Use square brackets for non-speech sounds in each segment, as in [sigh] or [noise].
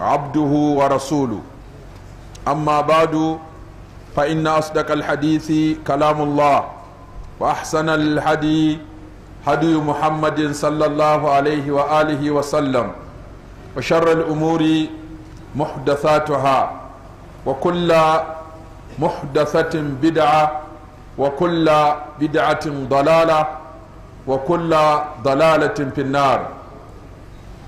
عبده ورسوله أما بعد فإن أصدق الحديث كلام الله وأحسن الهدي هدي محمد صلى الله عليه وآله وسلم وشر الأمور محدثاتها وكل محدثة بدعة وكل بدعة ضلالة وكل ضلالة في النار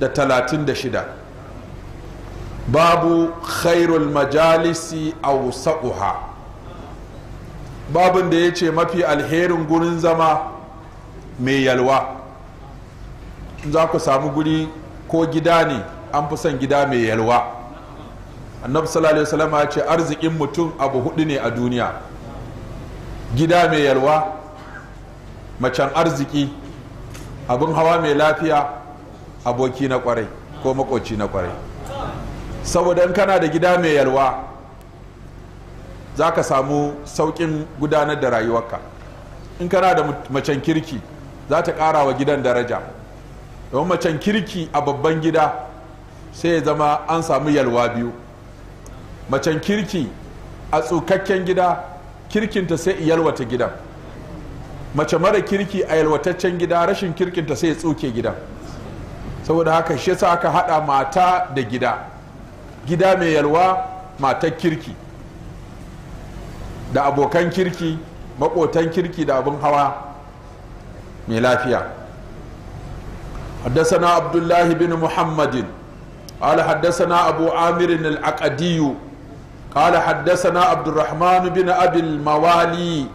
da talatin da shida babu khairul majalisi a wusa'uha babin da ya ce mafi alherin gurin zama mai yalwa za ku samu guri ko gida ne an fi son gida mai yalwa annabi sallallahu alaihi wasallam ya ce arzikin mutum abu hudu ne a duniya gida mai yalwa macen arziki abin hawa mai lafiya aboki na kwarai ko makoci na kwarai saboda in kana da gida mai yalwa za ka samu saukin gudanar da rayuwarka in kana da macen kirki za ta ƙara wa gidan daraja domin macen kirki a babban gida sai ya zama an samu yalwa biyu macen kirki a tsukakken gida kirkinta sai yalwata gidan mace mara kirki a yalwataccen gida rashin kirkinta sai ya tsuke gidan saboda haka shi yasa aka hada mata da gida gida mai yalwa matar kirki da abokan kirki maƙotan kirki da abin hawa mai lafiya حدثنا عبد الله بن محمد قال حدثنا أبو عامر العقدي قال حدثنا عبد الرحمن بن أبي الموالي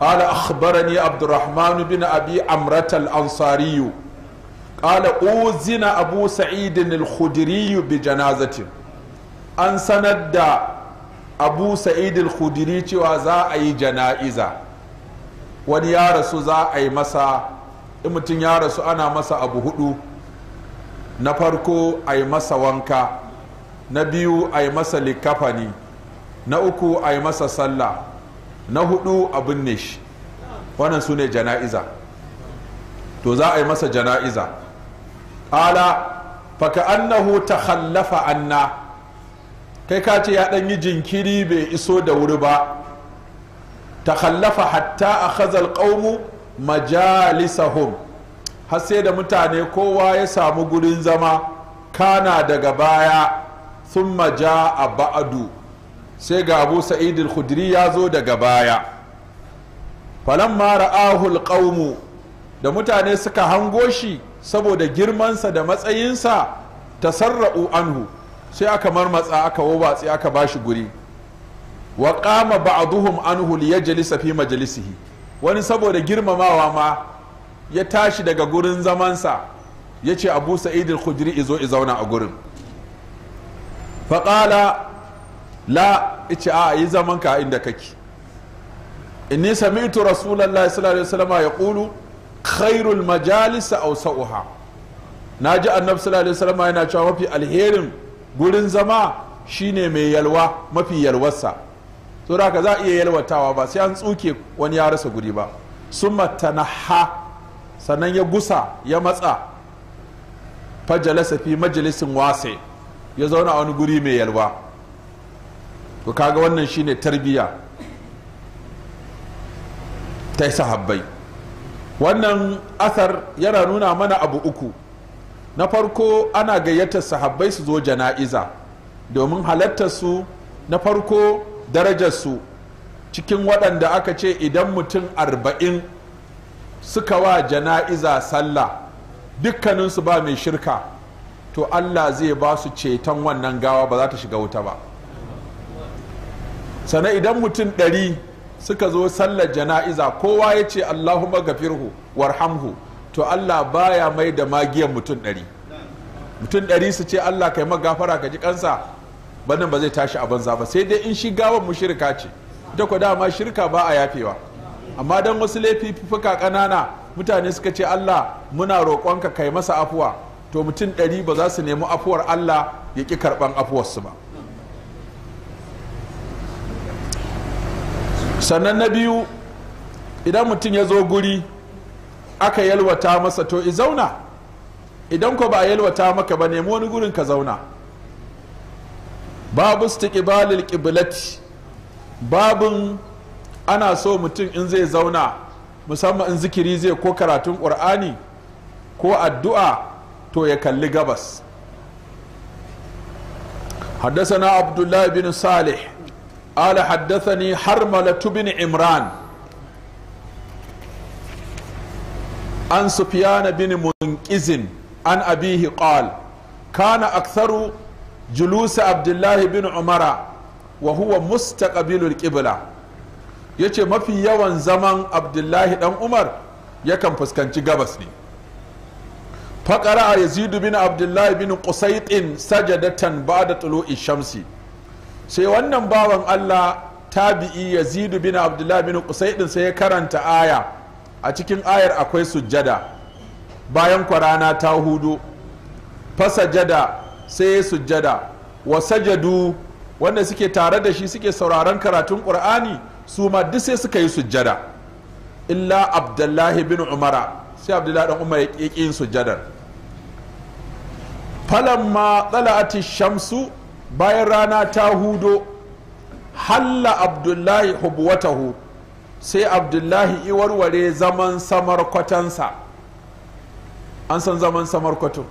قال أخبرني عبد الرحمن بن أبي عمرة الأنصاري qala uzina abu sa'idin al-khudri bi janazatin an sanar da abu sa'id al cewa za a yi jana'iza wani ya rasu za a yi masa in mutum ya rasu ana masa abu hudu na farko a masa wanka na biyu a masa likafani na uku a masa sallah na hudu a binne wannan su ne jana'iza to za a yi masa jana'iza ala faka annahu takhallafa anna kai ka ce ya dan yi jinkiri bai iso da wuri ba Ta takhallafa hatta a khazal ƙaumu majalisahum har sai da mutane kowa ya samu gurin zama kana daga baya sun maja a ba'adu. sai ga abu sa'idul khudri ya zo daga baya falamma ahul al da mutane suka hango shi saboda girmansa da matsayinsa ta sarra'u anhu sai aka marmatsa aka wabatsi aka bashi guri wa qama duhun anhu liyajlisa fi majalisihi wani saboda girmamawa ma ya tashi daga gurin zamansa ya ce abu sa'id al-khudri izo zauna a gurin faƙala la ice a yi zaman ka inda kake inni sami'tu rasulullahi sallallahu alaihi wasallam ya ƙulu khairul majalisa aw sa'uha naji annabi sallallahu alaihi wasallam yana cewa mafi alherin gurin zama shine mai yalwa mafi yalwarsa to da ka za a iya yalwatawa ba sai an tsuke wani ya rasa guri ba summa tanaha sannan ya gusa ya matsa fajalasa fi majalisin wase ya zauna a wani guri mai yalwa to kaga wannan shine tarbiya ta sahabbai wannan asar yana nuna mana abu uku na farko ana gayyatar sahabbai su zo jana'iza domin halartar su na farko darajarsu cikin waɗanda aka ce idan mutum arba'in suka wa jana'iza sallah dukkaninsu ba mai shirka to allah zai ba su ceton wannan gawa ba za ta shiga wuta ba sana idan mutum ɗari suka zo sallar jana'iza kowa ya ce allahumma gafirhu warhamhu to allah baya mai da magiyan mutum ɗari mutum ɗari su ce allah kai magafara ka ji kansa bannan ba zai tashi a banza ba sai dai in shi gawan mu shirka ce ita ku dama shirka ba a yafewa amma don wasu laifuka ƙanana mutane suka ce allah muna roƙonka kai masa afuwa to mutum ɗari ba za su nemi afuwar allah ya ƙi karɓan afuwarsu ba sannan na biyu idan mutum ya zo guri aka yalwata masa to i zauna idan ko ba a yalwata maka ba nemi wani gurin ka zauna babu istiqbalil qiblati babun ana so mutum in zai zauna musamman in zikiri zai ko karatun qur'ani ko addu'a to ya kalli gabas haddasa na الله bin صالح قال حدثني حرملة بن عمران عن سفيان بن منكز عن أبيه قال كان أكثر جلوس عبد الله بن عمر وهو مستقبل القبلة yace mafi yawan zaman abdullahi ɗan umar yakan fuskanci gabas ne faƙara a yazidu bin abdullahi bin qusaytin sajadatan ba'da tulu'i shamsi sai wannan bawan Allah tabi'i yazidu bin abdullahi bin qusay din sai ya karanta aya a cikin ayar akwai sujjada bayan kwarana ta hudu fasajada sai ya sujjada wa sajadu wanda suke tare da shi suke sauraron karatun qur'ani su ma duk sai suka yi sujjada illa abdullahi bin umara sai abdullahi dan umar ya ƙi yin sujjadar falamma tsala'ati shamsu bayan rana ta hudo halla abdullahi hubuwatahu sai abdullahi iwarware zaman samarkwatansa an san zaman samarkwato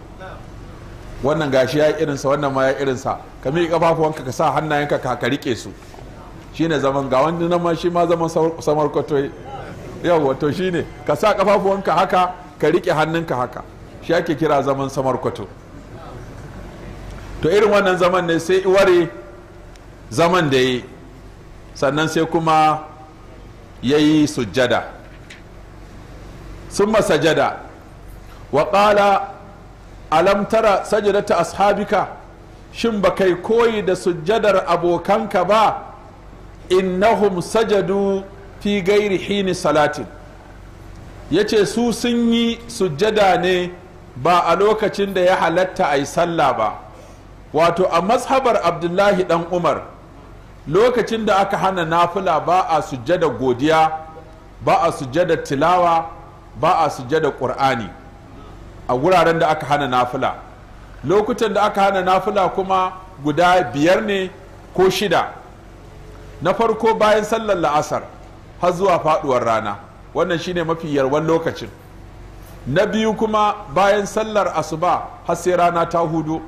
wannan gashi ya yi irinsa wannan ma ya irinsa ka miƙe kafafuwanka ka sa hannayenka ka ka rike su shine zaman ga wani nan ma shi ma zaman samarkwato yau wato shine ka sa kafafuwanka haka ka rike hannunka haka shi ake kira zaman samarkwato to irin wannan zaman ne sai iware zaman da yi sannan sai kuma ya yi sujjada sun masajada wa ƙala alamtara ta ashabika shin ba kai koyi da sujjadar abokanka ba innahum sajadu fi gairi hini salatin ya ce su sun yi sujjada ne ba a lokacin da ya halatta a yi sallah ba wato a mashabar abdullahi dan umar lokacin da aka hana nafila ba a sujjada godiya ba a sujjada tilawa ba a sujjada ƙur'ani a wuraren da aka hana nafila lokutan da aka hana nafila kuma guda biyar ne ko shida na farko bayan sallar la'asar har zuwa faduwar rana wannan shine mafi yarwan lokacin na biyu kuma bayan sallar asuba har sai rana ta hudu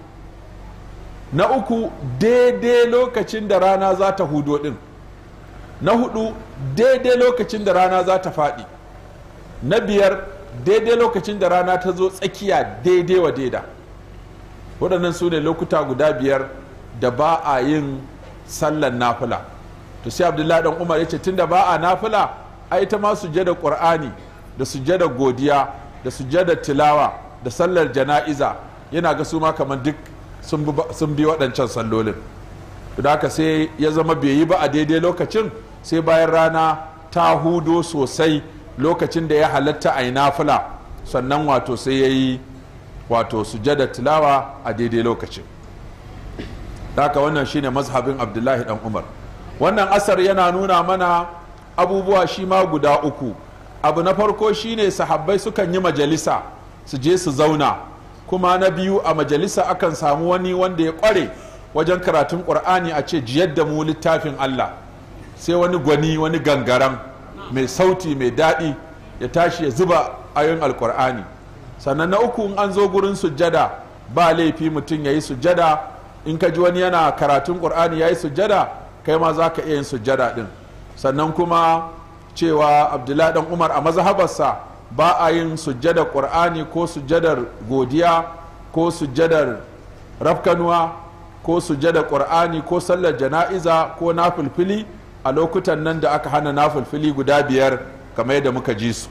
na uku daidai lokacin da rana za ta hudo ɗin na hudu daidai lokacin da rana za ta faɗi na biyar daidai lokacin da rana ta zo tsakiya daidai wa daida waɗannan su ne lokuta guda biyar da ba a yin sallan nafula. to sai abdullahi dan umar ya ce da ba a nafila ai ta ma sujjada qur'ani da sujjada godiya da sujjada tilawa da sallar jana'iza yana ga su ma kamar duk sun bi waɗancan sallolin da haka sai ya zama bai yi ba a daidai lokacin sai bayan rana ta hudo sosai lokacin da ya halatta a ina nafila sannan wato sai ya yi wato sujada tilawa a daidai lokacin Da haka wannan shine mazhabin abdullahi dan umar wannan asar yana nuna mana abubuwa shi ma guda uku abu na farko shine sahabbai sukan yi majalisa su je su zauna kuma na biyu a majalisa akan samu wani wanda ya kware wajen karatun ƙur'ani a ce jiyar da mu littafin allah sai wani gwani wani gangaran mai sauti mai daɗi ya tashi ya zuba ayoyin alkur'ani sannan na uku in an zo gurin sujjada ba laifi mutum ya yi sujjada in ka ji wani yana karatun ƙur'ani ya yi sujjada kai ma za ka iya yin sujjada ɗin sannan kuma cewa abdullahi dan umar a mazhabarsa ba a yin sujjadar ƙur'ani ko sujjadar godiya ko sujjadar rafkanuwa ko sujjadar ƙur'ani ko sallar jana'iza ko nafilfili a lokutan nan da aka hana nafilfili guda biyar kamar yadda muka ji su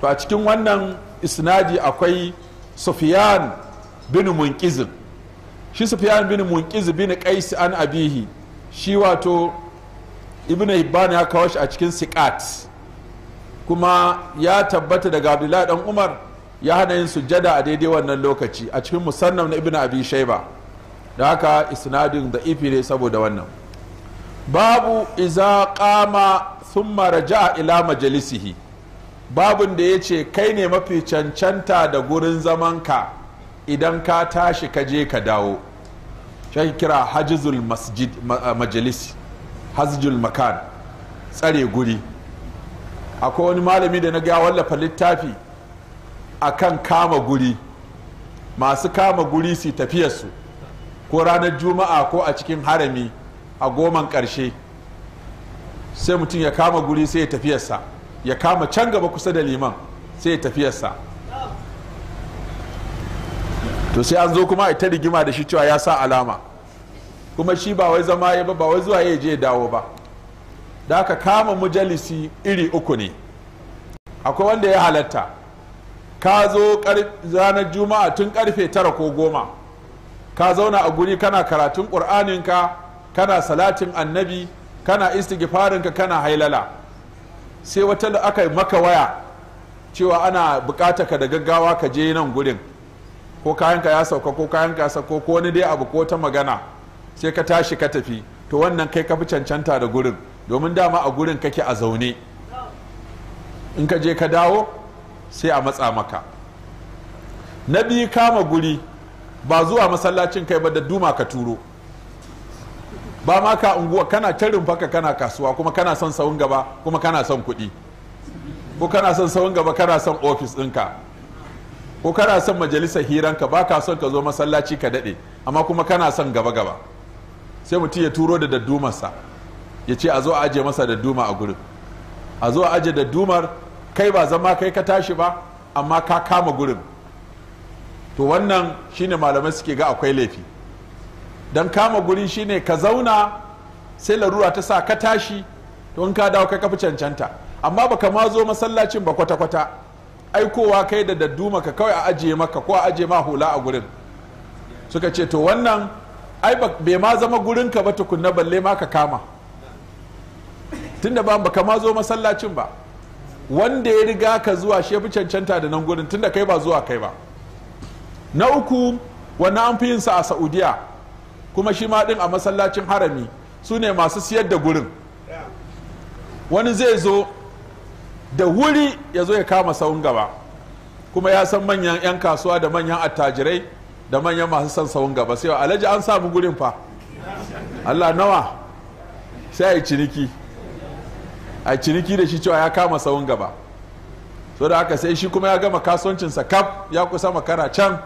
to a cikin wannan isnadi akwai Sufiyan bin munqizib shi Sufiyan bin munqizib bin qais an abihi shi wato ibnu hibban ya kawo shi a cikin siqat kuma ya tabbata daga abdullahi dan umar ya hana yin sujjada a daidai wannan lokaci a cikin musannam na ibnu abi shaiba da haka isnadin da ifi ne saboda wannan babu iza qama thumma raja'a ila majalisihi babun da ya ce kai ne mafi cancanta da gurin zamanka idan ka tashi ka je ka dawo shi kira hajjizul majalisi makan tsare guri akwai wani malami da na ga wallafa littafi a kan kama guri masu kama guri su tafiyarsu ko ranar juma'a ko a cikin harami a goman ƙarshe sai mutum ya kama guri sai ya tafiyarsa ya kama can gaba kusa da liman sai ya tafiyarsa to sai an zo kuma ita rigima da shi cewa ya sa alama kuma shi ba wai zama ya ba wai zuwa ya je ya dawo ba da aka kama mujalisi iri uku ne akwai wanda ya halatta ka zo ranar juma'a tun karfe tara ko goma ka zauna a guri kana karatun ƙur'aninka kana salatin annabi kana istighfarinka kana hailala sai wata da aka maka waya cewa ana bukata ka da gaggawa ka je nan gurin ko kayanka ya sauka ko kayanka ya sauka ko wani dai abu ko ta magana sai ka tashi ka tafi to wannan kai ka fi cancanta da gurin domin dama a gurin kake a zaune in ka je ka dawo sai a matsa maka na biyu kama guri ba zuwa masallacin kai ba da duma ka turo ba ma ka unguwa kana can faka kana kasuwa kuma kana son sawun gaba kuma kana son kuɗi ko kana son saun gaba kana son ofis ɗinka ko kana son majalisar hiranka ba ka son ka zo masallaci ka daɗe amma kuma kana son gaba gaba sai mutum ya turo da daddumarsa ya ce a zo a aje masa da duma a gurin a zo a aje da dumar kai ba zama kai ka tashi ba amma ka kama gurin to wannan shine malamai suke ga akwai laifi don kama guri shine ka zauna sai larura ta sa ka tashi to in ka dawo kai kafi cancanta amma baka ma zo masallacin ba kwata-kwata aikowa kai da dadduma ka kawai a ajiye maka ko a ajiye ma hula a gurin suka ce to wannan ai bai ma zama gurin ka ba tukunna balle ma ka kama tunda ba baka ma zo masallacin ba wanda ya riga ka zuwa shi fi cancanta da nan gurin tunda kai ba zuwa kai ba na uku wani an fi yin sa a saudiya kuma shi ma din a masallacin harami su ne masu siyar da gurin wani zai zo da wuri ya zo ya kama saun gaba kuma ya san manyan 'yan kasuwa da manyan attajirai da manyan masu son saun gaba sai alhaji an samu gurin fa allah nawa sai a yi ciniki a ciniki da shi cewa ya kama sawun gaba so da haka sai shi kuma ya gama kasuwancinsa kaf ya kusa makara can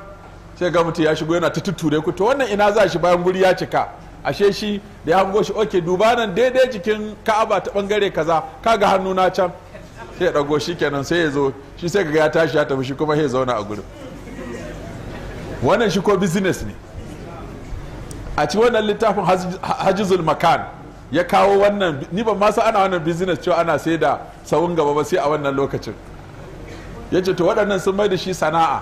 sai ga mutum ya shigo yana ta tutture ku to wannan ina za shi bayan guri ya cika ashe shi da ya hango shi oke duba nan daidai jikin ka'aba ta bangare kaza ka ga hannu na can sai ya dago shi kenan sai ya zo shi sai ga ya tashi ya tafi shi kuma ya zauna a gurin wannan shi ko business ne a ci wannan littafin hajizul makan ya kawo wannan ni ban ma ana wannan business cewa ana sai da sawun gaba ba sai a wannan lokacin ya ce to waɗannan sun mai da shi sana'a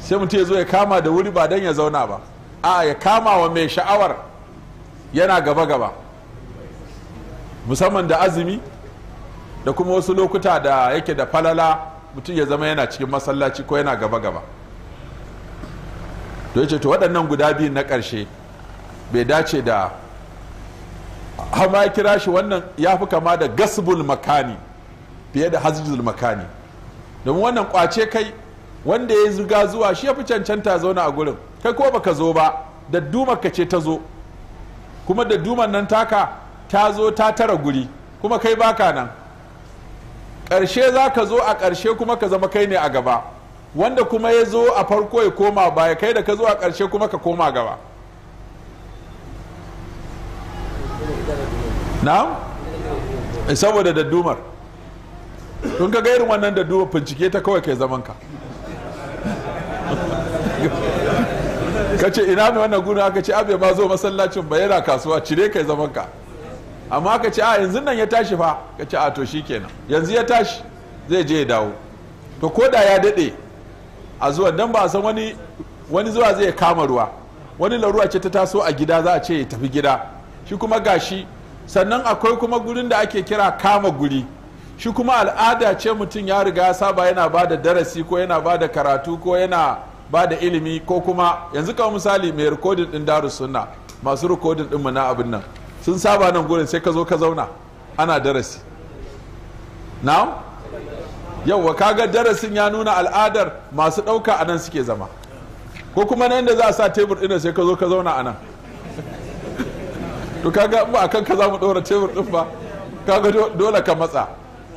sai mutum ya zo ya kama da wuri ba don ya zauna ba a ya kama wa mai sha'awar yana gaba gaba musamman da azumi da kuma wasu lokuta da yake da falala mutum ya zama yana cikin masallaci ko yana gaba gaba to ya ce to waɗannan guda biyu na ƙarshe bai dace da hama ya kira shi wannan ya fi kama da gasbul makani fiye da hazjul makani domin wannan kwace kai wanda ya zuga zuwa shi ya fi cancanta zauna a gurin kai ko baka zo ba da ka ce ta zo kuma da nan taka ta zo ta tara guri kuma kai baka nan ƙarshe za ka zo a ƙarshe kuma ka zama kai ne a gaba wanda kuma ya zo a farko ya koma baya kai da ka zo a ƙarshe kuma ka koma gaba na eh, saboda daddumar tun ka irin wannan daddumar bincike ta kawai kai zaman [laughs] ka ka ce ina mai wannan guna aka ce abe ba zo masallacin ba yana kasuwa cire kai zaman ka amma ka ce a yanzu nan ya tashi fa ka ce a to shi kenan yanzu ya tashi zai je ya dawo to ko da ya daɗe a zuwa don ba a san wani wani zuwa zai kama ruwa wani laruwa ce ta taso a gida za a ce ya tafi gida shi kuma gashi sannan akwai kuma gurin da ake kira kama guri shi kuma al'ada ce mutum ya riga ya saba yana ba da darasi ko yana ba da karatu ko yana ba da ilimi ko kuma yanzu kawai misali mai rikodin din daru sunna masu rikodin din na abin nan sun saba nan gurin sai ka zo ka zauna ana darasi na'am yawwa kaga darasin ya nuna al'adar masu ɗauka a nan suke zama ko kuma na yanda za a sa tebur ɗin sai ka zo ka zauna a nan to kaga ba akan ka za mu ɗora tebur ɗin ba kaga dole ka matsa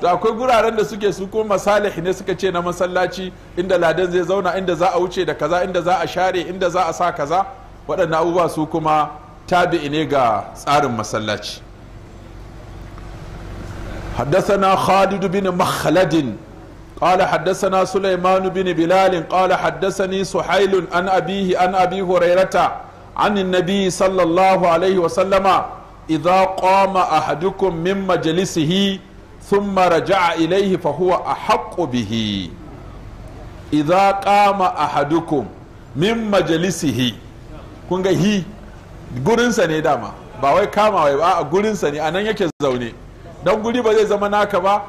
to akwai guraren da suke su ko masalih ne suka ce na masallaci inda ladan zai zauna inda za a wuce da kaza inda za a share inda za a sa kaza waɗannan abubuwa su kuma tabi'i ne ga tsarin masallaci حدثنا خالد بن مخلد قال حدثنا سليمان بن بلال قال حدثني سحيل عن أبيه عن أبي هريرة عن النبي صلى الله عليه وسلم إذا قام أحدكم من مجلسه ثم رجع إليه فهو أحق به إذا قام أحدكم من مجلسه kun هي غورنسا ني داما dama ba wai kamawa ba a gurinsa ne a nan yake zaune don guri ba zai zama naka ba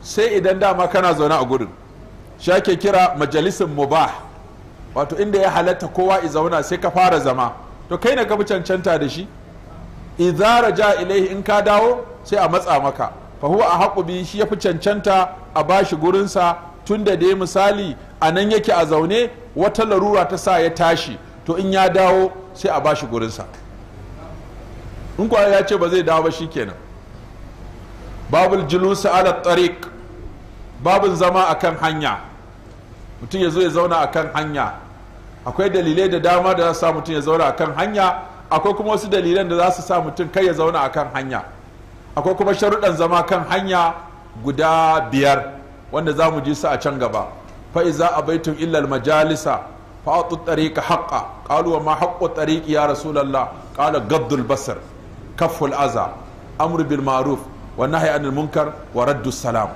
sai idan dama kana zaune a gurin shi ake kira majalisin mubah wato inda ya halatta kowa i zauna sai ka fara zama to kai na gaba cancanta da shi idza raja ilaihi in ka dawo sai a matsa maka fa a haƙu bi shi ya fi cancanta a bashi gurinsa tun da dai misali a nan yake a zaune wata larura ta sa ya tashi to in ya dawo sai a bashi gurinsa in kuwa ya ce ba zai dawo ba kenan babul julusi ala tariq babun zama akan hanya mutum ya zo ya zauna akan hanya akwai dalilai da dama da za su sa mutum ya zauna akan hanya akwai kuma wasu dalilan da za su sa mutum kai ya zauna akan hanya akwai kuma sharuɗan zama kan hanya guda biyar wanda za mu ji su a can gaba fa'iza a baitun illal majalisa fa'atu tariqa haqqa qalu wa ma haqqu tariqi ya rasulullah qala gabdul basar kaful aza amru bil ma'ruf wa nahyi anil munkar wa raddus salam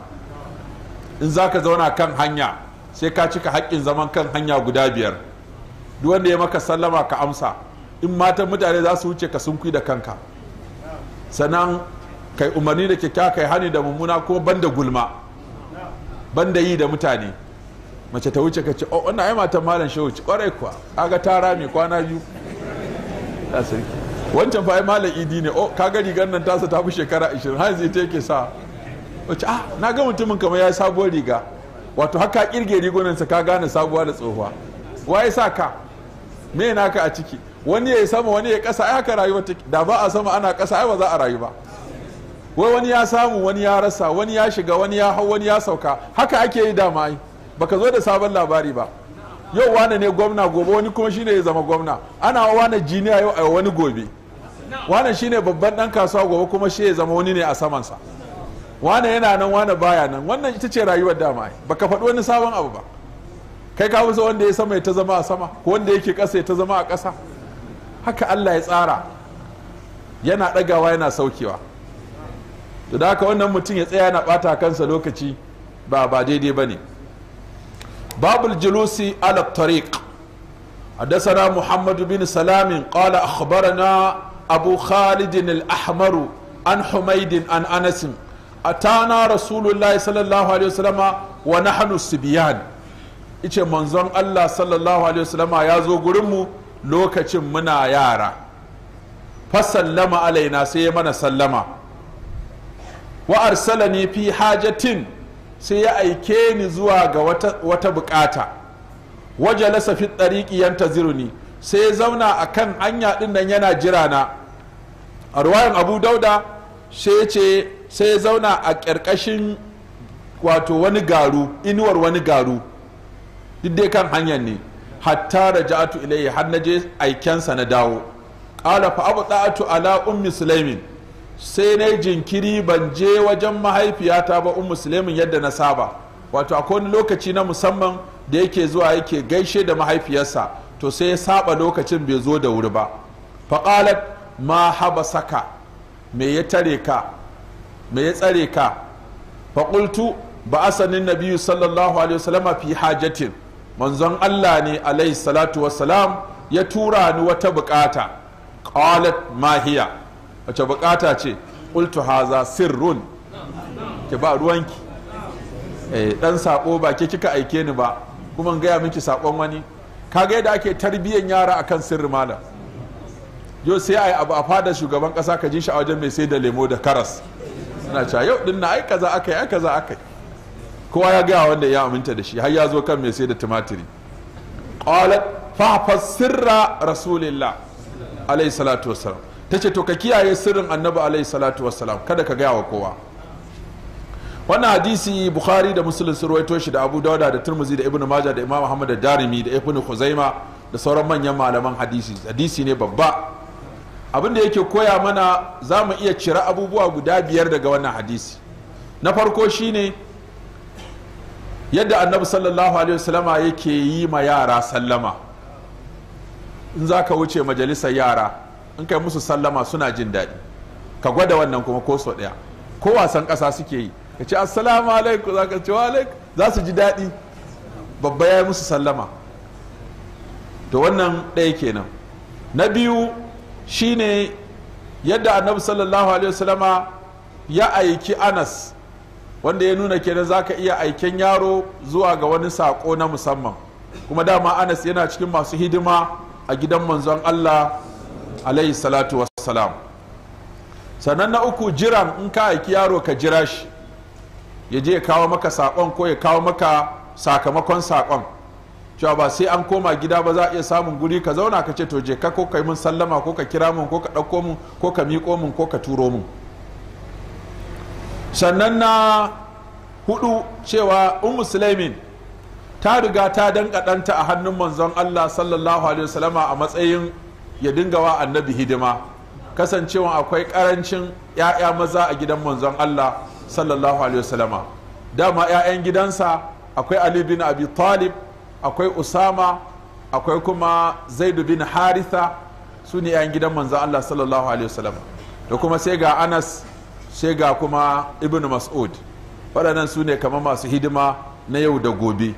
in zaka zauna kan hanya sai ka cika haƙƙin zaman kan hanya guda biyar duk wanda ya maka sallama ka amsa in matan mutane za su wuce ka sunkui da kanka sannan kai umarni da kyakkyawa kai hani da mummuna ko banda gulma banda yi da mutane mace ta wuce ka ce o oh, wannan ai matan malam shehu ci kwarai kuwa kaga ta rame kwana biyu ta sarki wancan fa ai malam idi ne o oh, kaga rigar nan tasa ta fi shekara 20 har zai take sa wace ah na ga mutumin kamar ya sabuwar riga wato haka kirge rigunansa ka gane sabuwa da tsohuwa waye sa ka me naka a ciki wani ya yi sama wani ya kasa ai haka rayuwa take da ba a sama ana kasa ai ba za a rayu ba wai wani ya samu wani ya rasa wani ya shiga wani ya hau wani ya sauka haka ake yi dama ai baka zo da sabon labari ba yau wane ne gwamna gobe wani kuma shine ya zama gwamna ana wane jiniya yau a wani gobe wane shine babban dan kasuwa gobe kuma shi ya zama wani ne a samansa wane yana nan wane baya nan wannan ita ce rayuwar dama ai baka faɗi wani sabon abu ba kai ka musu wanda ya sama ya ta zama a sama ko wanda yake ƙasa ya ta zama a ƙasa haka Allah ya tsara yana ɗagawa yana saukewa to da haka wannan mutum ya tsaya yana bata kansa lokaci ba ba daidai ba ne babul julusi ala tariq حدثنا محمد بن سلام قال أخبرنا أبو خالد الأحمر عن حميد عن أنس أتانا رسول الله صلى الله عليه وسلم ونحن السبيان ice manzon Allah sallallahu alaihi wasallama ya zo gurinmu lokacin muna yara fasallama alaina sai ya mana sallama wa arsalani fi hajatin sai ya aike ni zuwa ga wata, wata bukata wajalasa fi tsariki yantaziruni sai ya zauna a kan hanya ɗin nan yana jira na arwayan abu dauda sai ce sai ya zauna a ƙarƙashin wato wani garu inuwar wani garu duk dai kan hanyar ne hatta ja'atu ilayhi har na je aikensa na dawo qala fa abda'atu ala ummi sulaimin sai na jinkiri ban je wajen mahaifiyata ba ummi sulaimin yadda na saba wato akwai wani lokaci na musamman da yake zuwa yake gaishe da mahaifiyarsa to sai ya saba lokacin bai zo da wuri ba faqalat ma habasaka me ya tare ka me ya tsare ka qultu ba asanin nabiyyu sallallahu alaihi wasallama fi hajatin manzon Allah ne alaihi salatu salam ya tura ni wata bukata qalat mahiya wace bukata ce qultu haza sirrun ki ba ruwanki eh dan sako ba ke kika aike ni ba kuma gaya miki sakon wani kaga yadda ake tarbiyyar yara akan sirri malam yau sai ai abu a fada shugaban ƙasa ka ji shi a wajen mai sai da lemo da karas suna cewa yau din na ai kaza akai ai kaza akai kowa ya gaya wanda ya aminta da shi har ya zo kan mai sai da tumatiri qalat fa sirra rasulillah alayhi salatu Ta ce to ka kiyaye sirrin annabi alayhi salatu wasalam kada ka gaya wa kowa wannan hadisi bukhari da muslim sun ruwaito shi da abu dauda da turmuzi da Ibn maja da imam ahmad da darimi da ibnu khuzaima da sauran manyan malaman hadisi hadisi ne babba abin da yake koya mana za mu iya cira abubuwa guda biyar daga wannan hadisi na farko shine yadda annabi sallallahu alaihi wasallama yake yi ma yara sallama in za ka wuce majalisar yara in kai musu sallama suna jin daɗi ka gwada wannan kuma ko so ɗaya ko wasan ƙasa suke yi ka ce assalamu alaikum za ka ce wa alaikum za su ji daɗi babba ya yi musu sallama to wannan ɗaya kenan na biyu shine yadda annabi sallallahu alaihi wasallama ya aiki anas wanda ya nuna kenan zaka iya aiken yaro zuwa ga wani sako na musamman kuma dama anas yana cikin masu hidima a gidan manzon allah alaihi salatu wassalam sannan na uku jiran in ka aiki yaro ka jira shi ya je ya kawo maka sakon ko ya kawo maka sakamakon sakon cewa ba sai an koma gida ba za a iya samun guri ka zauna ka ce to je ka ko ka yi mun sallama ko ka kira mun ko ka ɗauko mun ko ka miƙo mun ko ka turo mun sannan na hudu cewa ummu sulaimin ta riga ta dankadanta a hannun manzon Allah sallallahu alaihi wasallama a matsayin ya dinga wa annabi hidima kasancewa akwai karancin ‘ya'ya maza a gidan manzon Allah sallallahu alaihi wasallama dama ‘ya'yan gidansa akwai Ali bin Abi Talib akwai Usama akwai kuma Zaidu bin Haritha su ne ‘ya'yan gidan manzon Allah sallallahu alaihi wasallama da kuma sai ga Anas sai ga kuma ibn mas'ud waɗannan su ne kamar masu hidima na yau da gobe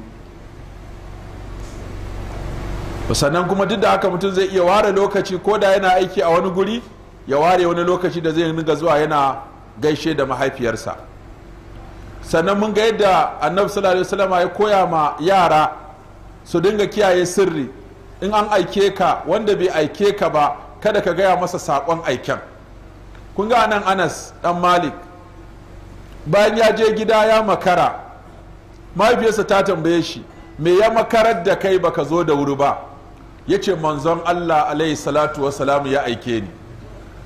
sannan kuma duk da haka mutum zai iya ware lokaci ko da yana aiki a wani guri ya ware wani lokaci da zai ga zuwa yana gaishe da mahaifiyarsa sannan mun ga yadda annabi sallallahu alaihi wasallam ya koya ma yara su dinga kiyaye sirri in an aike ka wanda bai aike ka ba kada ka gaya masa saƙon aiken kun ga nan anas dan malik bayan ya je gida ya makara mahaifiyarsa ta tambaye shi me ya makarar da kai baka zo da wuri ba ya ce manzon allah alaihi salatu wasalamu ya aike ni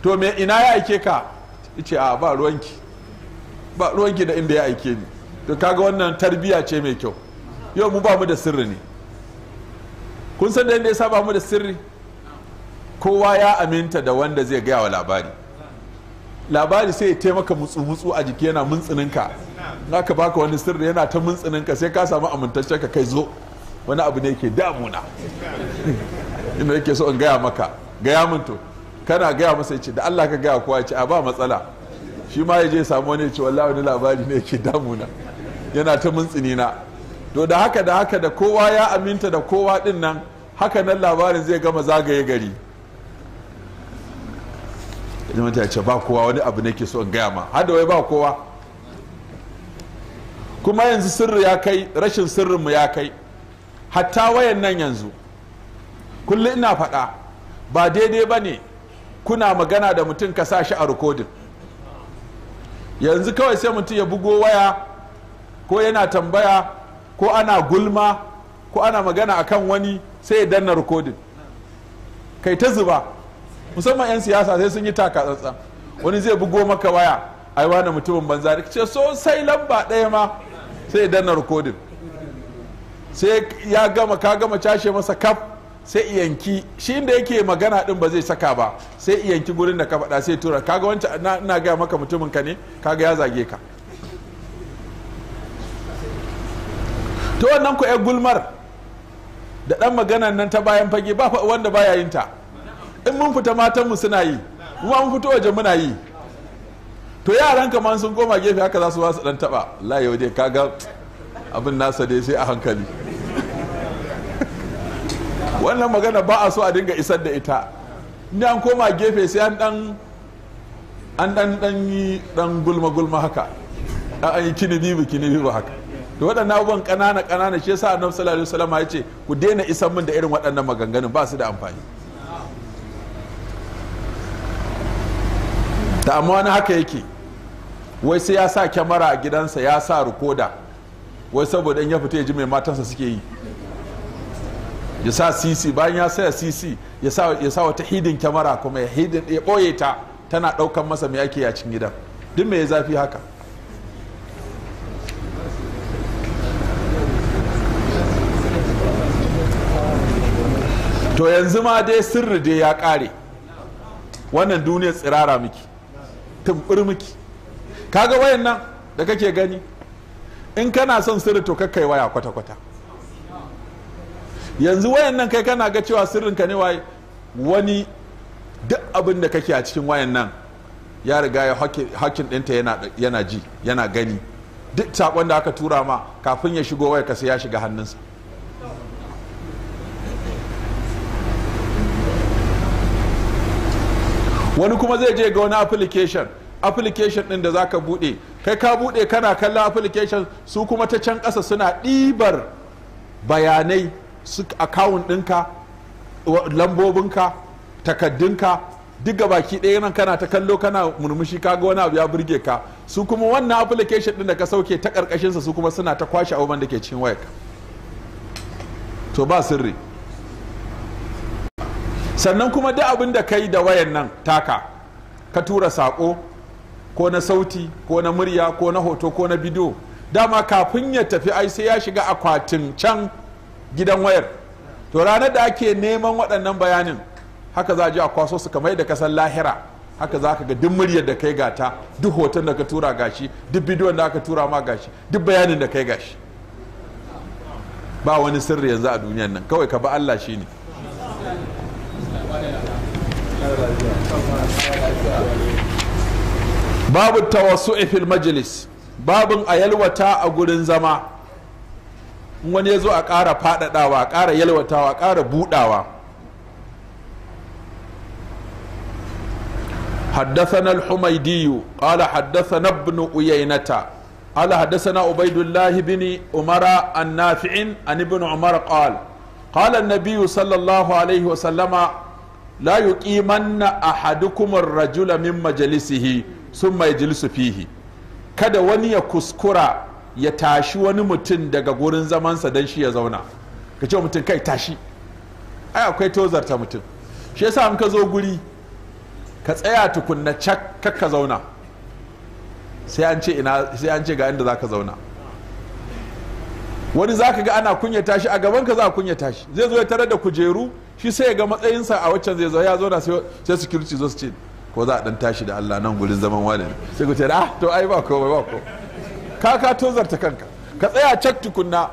to me ina ya aike ka ya ce a ba ruwanki ba ruwanki da inda ya aike ni to kaga wannan tarbiya ce mai kyau yau mu ba mu da sirri ne kun san da inda ya saba mu da sirri kowa ya aminta da wanda zai gaya wa labari labari sai ya taimaka mutsu-mutsu a jiki yana muntsininka na ka baka wani sirri yana ta muntsininka sai ka samu amintacce ka kai zo wani abu ne ke damuna ina yake so in gaya maka gaya min to kana gaya masa ya ce da Allah ka gaya kowa ya ce a ba matsala shi ma ya je samu wani ya ce wallahi wani labari ne ke damuna yana ta muntsinina to da haka da haka da kowa ya aminta da kowa din nan haka nan labarin zai gama zagaye gari ya mata ce ba kowa wani abu nake so in gaya ma har wai ba kowa kuma yanzu sirri ya kai rashin sirrinmu ya kai hatta wayan nan yanzu kullum ina faɗa ba daidai ba ne kuna magana da mutum ka sa shi a rikodin yanzu kawai sai mutum ya bugo waya ko yana tambaya ko ana gulma ko ana magana akan wani sai ya danna rikodin kai ta zuba musamman 'yan siyasa sai sun yi taka tsantsan wani zai bugo maka waya ai wani mutumin banza da ce sosai lamba ɗaya ma sai idan na rikodin sai ya gama ka gama cashe masa kaf sai iyanki shi inda yake magana din ba zai saka ba sai iyanki gurin da ka faɗa sai tura kaga wancan ina gaya maka mutumin ka ne kaga ya zage ka ta wannan ku 'yan gulmar da ɗan maganan nan ta bayan fage ba wanda baya yin ta in mun fita matanmu suna yi kuma mun fito waje muna yi to yaran kamar sun koma gefe haka za su wasu dan taba la yau dai kaga abin nasa dai sai a hankali [laughs] wannan magana ba a so a dinga isar da ita ni an koma gefe sai an dan an dan dan yi dan gulma gulma haka an yi kinibi bi kinibi ba haka to waɗannan abubuwan ƙanana ƙanana shi yasa annabi sallallahu alaihi wasallam ya ce ku daina isar min da irin waɗannan maganganun ba su da amfani ta amma wani haka yake wai sai ya sa kyamara a gidansa ya sa rikoda wai saboda in ya fita ya ji mai matansa suke yi ya sa sisi bayan ya saya cc ya sa wata hidin kyamara kuma ya hidin ya ɓoye ta tana ɗaukan masa mai ake yacin gidan duk mai zafi haka to yanzu ma dai sirri dai ya ƙare wannan duniyar tsirara miki tumbur miki kaga wayan nan da kake gani in kana son sirri to kakkai waya kwata-kwata yanzu wayan nan kai kana ga cewa sirrinka ne waye wani duk abin da kake a cikin wayan nan ya riga ya hakin ɗinta yana ji yana gani duk saƙon da aka tura ma kafin ya shigo waya ka sai ya shiga hannunsa wani kuma zai je ga wani application application din da zaka bude kai ka bude kana kallon application su kuma ta can kasa suna ɗibar bayanai su account ɗinka lambobinka takaddunka duk ga baki ɗaya nan kana ta kallo kana murmushi ka ga wani abu ya burge ka su kuma wannan application ɗin da ka sauke ta ƙarƙashinsa su kuma suna ta kwashe abubuwan da ke cikin wayarka to ba sirri sannan kuma duk abin da kai da wayan nan taka ka tura sako ko na sauti ko na murya ko na hoto ko na bidiyo dama kafin ya tafi ai sai ya shiga akwatin can gidan wayar to ranar da ake neman waɗannan bayanin haka za a ji a kwaso su kamar da kasan lahira haka za ka ga duk muryar da kai gata duk hoton da ka tura gashi duk bidiyon da aka tura ma gashi duk bayanin da kai gashi ba wani sirri yanzu a duniyan nan kawai ka ba Allah shi ne Babu ta wasu ifilmajlis babu a yalwata a gurin zama wani ya zo a ƙara fadadawa a ƙara yalwatawa a ƙara buɗawa. Haddasa na Alhumai Duyu al- haddasa na Bnu Uyanita al- haddasa na Ubaidulahi bini Umarar an- naficin ani bini Umar Qawal halin na biyu sallallahu alaihi wa la yuqimanna ahadukum ar-rajula min majalisihi summa yajlisu fihi kada wani ya kuskura ya tashi wani mutum daga gurin zamansa don shi ya zauna ka ce mutum kai tashi ai akwai tozarta mutum shi yasa in ka zo guri ka tsaya tukunna cak ka zauna sai an ce ina sai an ce ga inda zaka zauna wani zaka ga ana kunya tashi? a gaban ka za a kunya tashi? zai zo ya tarar da kujeru shi sai ya ga matsayinsa a waccan zai zo ya zo na sai security zo su ce ko za a dan tashi da Allah nan gurin zaman wane sai ku ce ah to ai ba ko ba ko ka ka tozarta kanka ka tsaya cak tukunna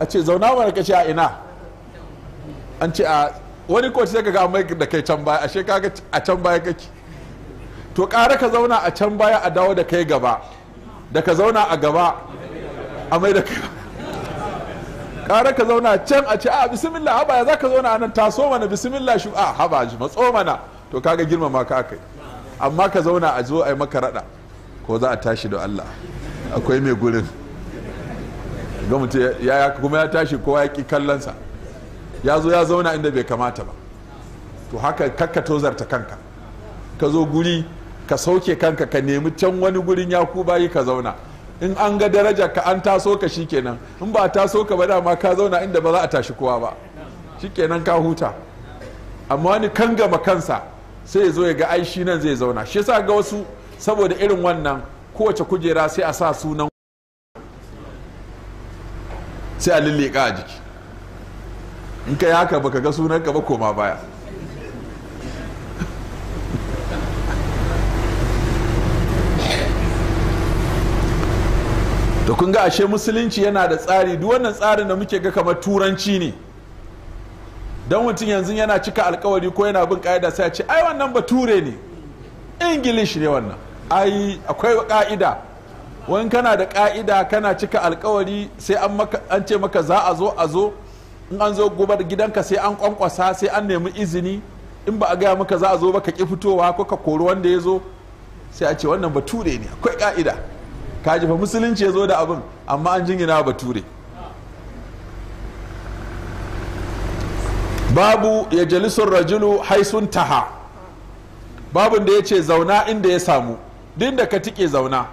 a ce zauna mana kace a ina an ce a wani koci sai ga mai da kai can baya ashe kaga a can baya kake to ƙara ka zauna a can baya a dawo da kai gaba da ka zauna a gaba a mai da kai kare ka zauna can a ce a ah, bismillah haba ya zaka zauna nan taso mana bismillah shi a ah, haba shi matso mana to kaga ma ka akai amma ka zauna a zo a yi maka rada ko za a tashi da Allah akwai mai gurin ga mutum ya kuma ya tashi kowa ya ki sa ya zo ya zauna inda bai kamata ba to haka kakka tozarta kanka ka zo guri ka sauke kanka ka nemi can wani gurin ya ku bayi ka zauna in an ga daraja ka an taso ka shikenan in ba taso ka ba dama ka zauna inda ba za a tashi kowa ba shikenan ka huta amma wani kan gama kansa sai ya zo ya ga ai shi nan zai zauna shi yasa ga wasu saboda irin wannan kowace kujera sai a sa sunan sai a lillika a jiki in ka yi haka baka ga sunan ka ba koma baya to kun ga ashe musulunci yana da tsari duk wannan tsarin da muke ga kamar turanci ne don mutum yanzu yana cika alkawari ko yana bin ka'ida sai a ce ai wannan bature ne ingilish ne wannan ai akwai ka'ida wani kana da ka'ida kana cika alkawari sai an ce maka za a zo a zo in an zo gobe da gidanka sai an kwankwasa sai an nemi izini in ba a gaya maka za a zo ba ka ki fitowa ko ka kori wanda ya zo sai a ce wannan bature ne akwai ka'ida ka fa musulunci ya zo da abin amma an jingina bature babu ya jalisun rajulu haisun taha babun da ya ce zauna inda ya samu din da ka tike zauna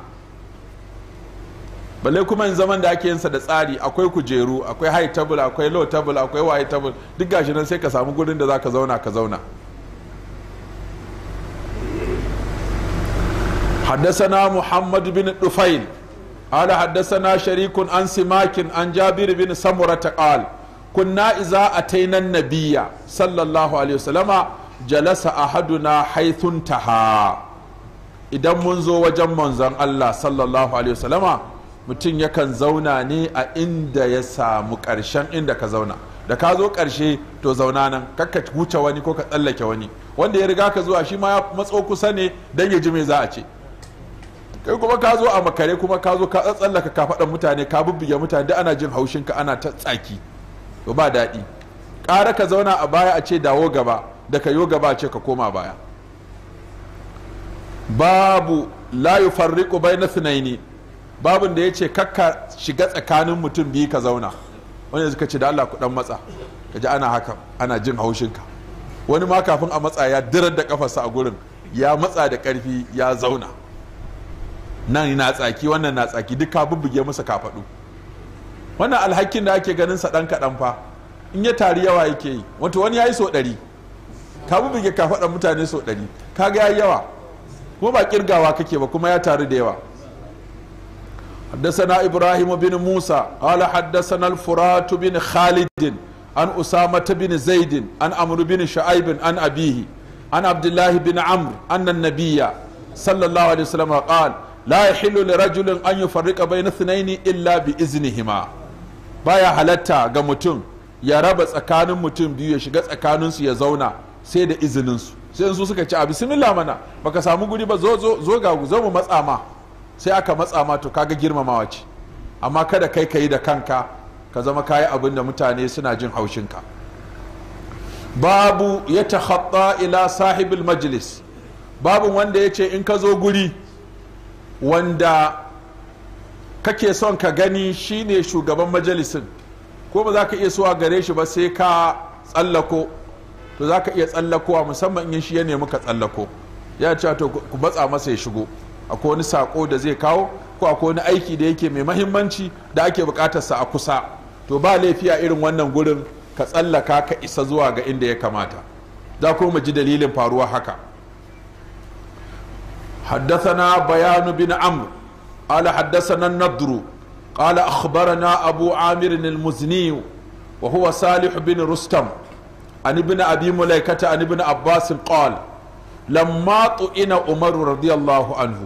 balle kuma zaman da ake yinsa da tsari akwai kujeru akwai high table akwai low table akwai wide table duk gashi nan sai ka samu gurin da za ka zauna ka zauna حدثنا محمد بن طفيل قال حدثنا شريك عن سماك عن جابر بن سمرة قال كنا إذا أتينا النبي صلى الله عليه وسلم جلس أحدنا حيث انتهى idan mun zo wajen manzon Allah sallallahu alaihi wasallama mutum yakan zauna ne a inda ya samu ƙarshen inda ka zauna da ka zo ƙarshe to zauna nan ka wuce wani ko ka tsallake wani wanda ya riga ka zuwa shi ma ya matso kusa ne don ya ji me za a ce kai kuma ka zo a makare kuma ka zo ka tsallaka ka faɗa mutane ka bubbuge mutane duk ana jin haushinka ana ta tsaki to ba daɗi ƙara ka zauna a baya a ce dawo gaba da ka yo gaba ce ka koma baya babu la yufarriqu bayna thnaini babun da yace kakka shiga tsakanin mutum biyu ka zauna wani suka ce da Allah ku dan matsa kaji ana haka ana jin haushin ka wani ma kafin a matsa ya dirar da kafarsa a gurin ya matsa da karfi ya zauna nan na tsaki wannan na tsaki duk ka bubbuge musu kafaɗu wannan alhakin da ake ganin sa dan kaɗan fa in ya tari yawa yake yi wato wani ya yi so ɗari ka bubbuge kafaɗan mutane so ɗari kaga yayi yawa kuma ba kirgawa kake ba kuma ya taru da yawa حدثنا إبراهيم بن موسى قال حدثنا الفرات بن خالد عن أسامة بن زيد عن عمرو بن شعيب عن أبيه عن عبد الله بن عمرو أن النبي صلى الله عليه وسلم قال la yahillu li rajulin an yufarriqa bayna thnaini illa bi ba baya halatta ga mutum ya raba tsakanin mutum biyu ya shiga tsakaninsu ya zauna sai da izininsu sai su suka ci a bismillah mana samu guri ba zo ga zo mu matsa ma sai aka matsa ma to kaga girmamawa ce amma kada kai kayi da kanka ka zama kayi abin da mutane suna jin haushinka babu ya tahatta ila sahibul majlis babu wanda ya ce in ka zo guri wanda kake son ka gani shi ne shugaban majalisin ko ba za ka iya suwa gare shi ba sai ka tsallako to za ka iya tsallakowa musamman in shi ya nemi ka tsallako ya ce to ku matsa masa ya shigo akwai wani sako da zai kawo ko akwai wani aiki da yake mai mahimmanci da ake bukatarsa a kusa to ba laifi a irin wannan gurin ka tsallaka ka isa zuwa ga inda ya kamata za kuma mu ji dalilin faruwa haka حدثنا بيان بن عمرو قال حدثنا النضر قال na أبو عامر المزني وهو صالح بن رستم عن ابن أبي مليكة عن ابن عباس قال لما طئن عمر رضي الله عنه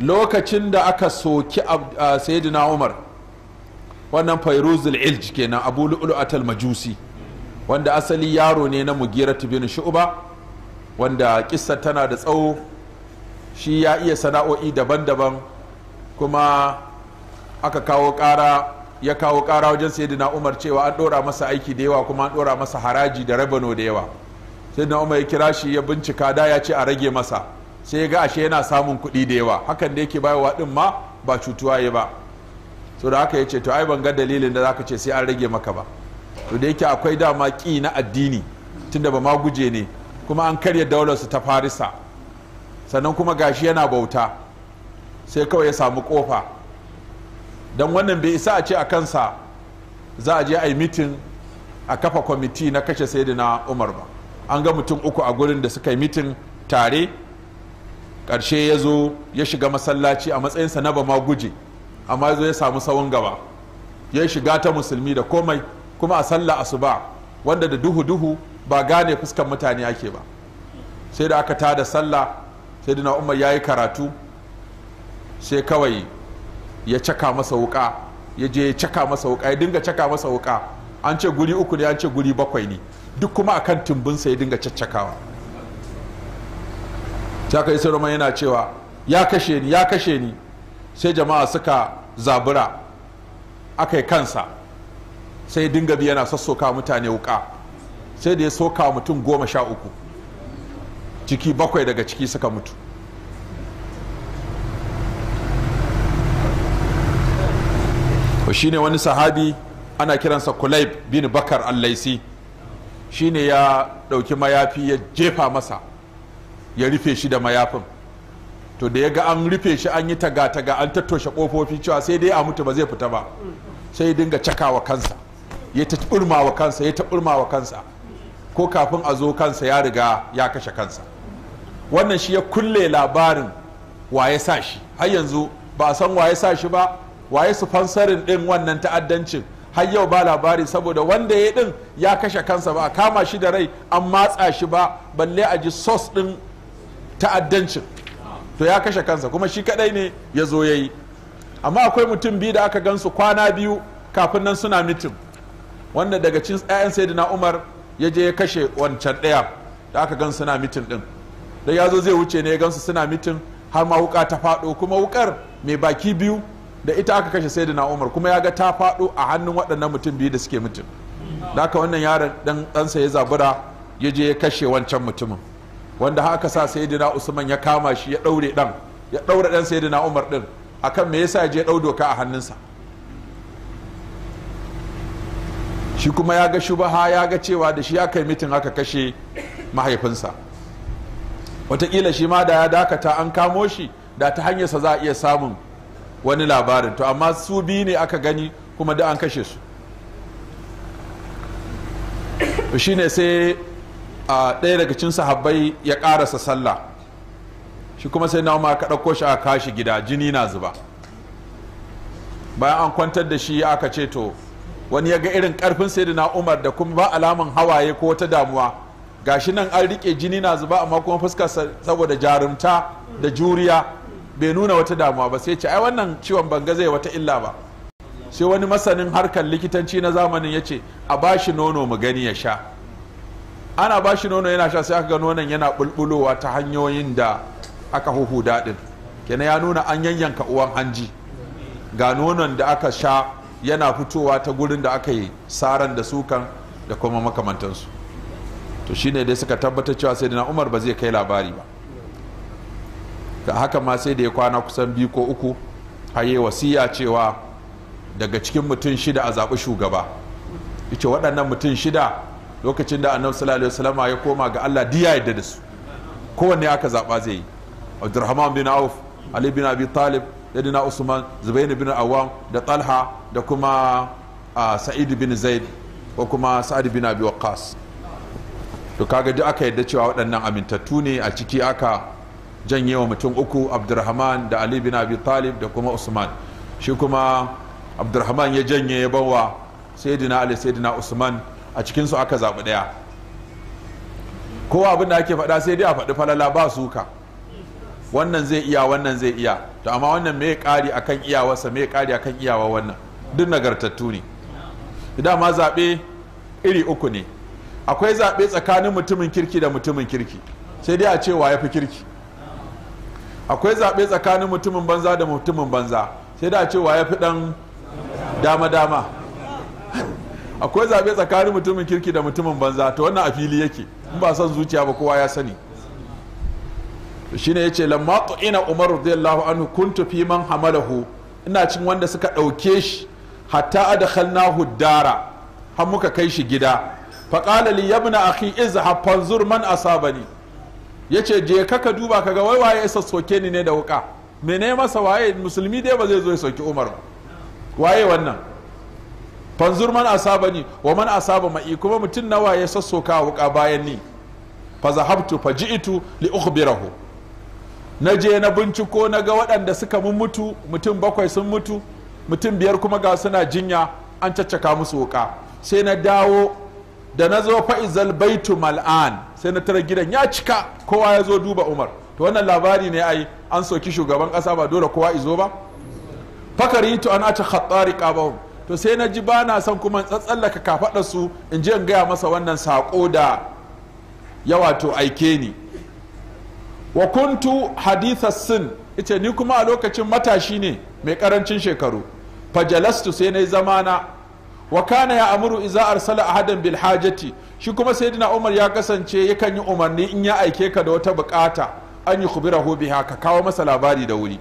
lokacin da aka soki sayyidina umar wannan fairuzul ilj kenan abu lu'lu'atal majusi wanda asali yaro ne na mugira bin shu'ba wanda kissa tana da tsawo shi ya iya sana'o'i daban-daban kuma aka kawo ƙara ya kawo ƙara wajen na umar cewa an ɗora masa aiki da yawa kuma an ɗora masa haraji da rabano da yawa Sai na umar ya kira shi ya bincika da ya ce a rage masa sai ya ga ashe yana samun kuɗi da yawa hakan da yake bayarwa ɗin ma ba cutuwa ya ba so da haka ya ce to ai ban ga dalilin da zaka ce sai an rage maka ba to da yake akwai dama ƙi na addini tunda ba ma guje ne kuma an karya daular su ta farisa sannan kuma gashi yana bauta sai kawai ya samu kofa don wannan bai isa a ce a kansa za a je a yi mitin a kafa kwamiti na kashe na umar ba an ga mutum uku a gurin da suka yi mitin tare ƙarshe ya zo ya shiga masallaci a matsayinsa na ba ma guje amma ya zo ya samu tsawon gaba ya shiga ta musulmi da komai kuma a sallah asuba wanda da duhu duhu ba gane fuskan mutane ake ba sai da aka tada sallah Sai sayyidina umar ya yi karatu sai kawai ya caka masa wuka ya je ya caka masa wuka ya dinga caka masa wuka an ce guri uku ne an ce guri bakwai ne duk kuma akan timbinsa ya dinga caccakawa ta kai sai yana cewa ya kashe ni ya kashe ni sai jama'a suka zabura aka yi kansa sai dinga biyana sassoka mutane wuka sai da ya soka mutum goma sha uku ciki bakwai daga ciki suka mutu shine wani sahabi ana kiransa kulaib bin bakar allaisi shine ya ɗauki mayafi ya jefa masa ya rufe shi da mayafin to da ya ga an rufe shi an yi taga-taga an tattoshe kofofi cewa sai dai a mutu ba zai fita ba sai dinga cakawa kansa ya ta wa kansa ya ta wa kansa ko kafin a zo kansa ya riga ya kashe kansa wannan shi ya kulle labarin waye sa shi har yanzu ba a san waye sa shi ba waye su fansarin din wannan ta'addancin har yau ba labari saboda wanda ya din ya kashe kansa ba a kama shi da rai an matsa shi ba balle a ji sos din ta'addancin to ya kashe kansa kuma shi kadai ne ya zo ya yi amma akwai mutum biyu da aka gansu kwana biyu kafin nan suna mitin wanda daga cin 'ya'yan na umar ya je ya kashe wancan ɗaya da aka gan suna mitin din da ya zo zai wuce ne ya suna mitin har ma wuka ta faɗo kuma wukar mai baki biyu da ita aka kashe sai na umar kuma ya ga ta faɗo a hannun waɗannan mutum biyu da suke mutum da haka wannan yaron ɗan ɗansa ya zabura ya je ya kashe wancan mutumin wanda haka sa sai usman ya kama shi ya ɗaure ɗan ya ɗaure ɗan sai na umar ɗin akan me yasa ya je ɗau doka a hannunsa shi kuma ya ga shubaha ya ga cewa da shi ya kai mitin aka kashe mahaifinsa watakila shi ma da ya dakata an kamo shi da ta hanyarsa za a iya samun wani labarin to amma su biyu ne aka gani kuma da an kashe su shi ne sai a ɗaya daga cin sahabbai ya ƙarasa sallah shi kuma sai na ma ka ɗauko shi a kashi gida jini na zuba bayan an kwantar da shi aka ce to wani ya ga irin ƙarfin sai na umar da kuma ba alaman hawaye ko wata damuwa gashi nan an rike jini na zuba amma kuma fuskar saboda jarumta da juriya bai nuna wata damuwa ba sai ce ai wannan ciwon banga zai wata illa ba sai wani masanin harkar likitanci na zamanin ya ce a bashi nono mu gani ya sha ana bashi nono yana sha sai aka ga nonon yana bulbulowa ta hanyoyin da aka huhu daɗin kenan ya nuna an yanyanka uwan hanji ga nonon da aka sha yana fitowa ta gurin da aka yi saran da sukan da kuma makamantansu to shine dai suka tabbatar cewa sai umar ba zai kai labari ba da haka ma sai da ya kwana kusan biyu ko uku haye wasiya cewa daga cikin mutum shida a zaɓi shugaba ita waɗannan mutum shida lokacin da annabi sallallahu alaihi ya koma ga Allah diya yadda da su kowanne aka zaɓa zai yi Abdurrahman bin Auf Ali bin Abi Talib Yadina Usman Zubairu bin Awam da Talha da kuma ah, Sa'id bin Zaid ko kuma Sa'id bin Abi Waqqas to kaga duk aka yadda cewa waɗannan amintattu ne a ciki aka janye wa mutum uku abdurrahman da ali bin abi talib da kuma usman shi kuma abdurrahman ya janye ya bawa sayyidina ali sayyidina usman a cikinsu aka zaɓi ɗaya kowa abin da ake faɗa sai dai a faɗi falala ba suka wannan zai iya wannan zai iya to amma wannan me ƙari akan iyawarsa me ƙari akan iyawa wannan duk nagartattu ne dama zaɓe iri uku ne akwai zaɓe tsakanin mutumin kirki da mutumin kirki sai dai a ce wa ya fi kirki akwai zaɓe tsakanin mutumin banza da mutumin banza sai dai a ce wa ya fi ɗan dama-dama akwai zaɓe tsakanin mutumin kirki da mutumin banza ta wannan a fili yake in ba son zuciya ba kowa ya sani ya ce lamma ina umar radiyallahu anhu kuntu fi man hamalahu ina cin wanda suka ɗauke shi hatta adkhalnahu dara har muka kai shi gida faƙala li yabna akhi izhab fanzur man asabani yace je ka duba kaga wai waye ya soke ni ne da wuka mene masa waye musulmi dai ba zai zo ya soki Umar ba waye wannan fanzur man asabani wa man asaba ma'i kuma mutum nawa ya sassoka wuka bayan ni fa zahabtu fa ji'tu li ukhbirahu na je na binciko na ga waɗanda suka mun mutu mutum bakwai sun mutu mutum biyar kuma ga suna jinya an caccaka musu wuka sai na dawo da na zo fa'izal baitu mal'an sai na tara gidan ya cika kowa ya zo duba umar to wannan labari ne ai an soki shugaban kasa ba dole kowa izo ba fakari to an ace khattari qabahum to sai na ji bana son kuma tsatsallaka faɗa su in je in gaya masa wannan saƙo da ya wato aike ni wa kuntu haditha sin ita ni kuma a lokacin matashi ne mai karancin shekaru fajalastu sai na yi zamana wa kana ya amuru iza arsala ahadan bil hajati shi kuma sayyidina umar ya kasance yakan yi umarni in ya aike ka da wata bukata an yi khubirahu biha ka kawo masa labari da wuri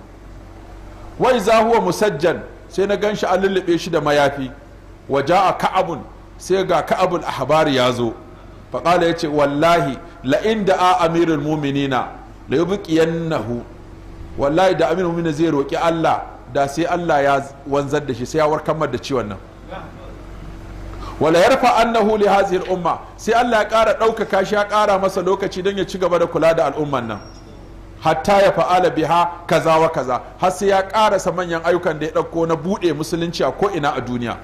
wa iza huwa musajjan sai na ganshi an lullube shi da mayafi wa ja'a ka'abun sai ga ka'abul ahbari ya zo fa qala yace wallahi la inda a amirul mu'minina la yubqiyannahu wallahi da amirul mu'minina zai roki Allah da sai Allah ya wanzar da shi sai ya warkar da ciwon nan wala yarfa annahu li hadhihi al-umma sai Allah ya ƙara ɗaukaka shi ya kara masa lokaci don ya ci gaba da kula da al'umman nan hatta ya fa'ala biha kaza wa kaza har sai ya ƙarasa manyan ayyukan da ya dauko na bude musulunci a ko ina a duniya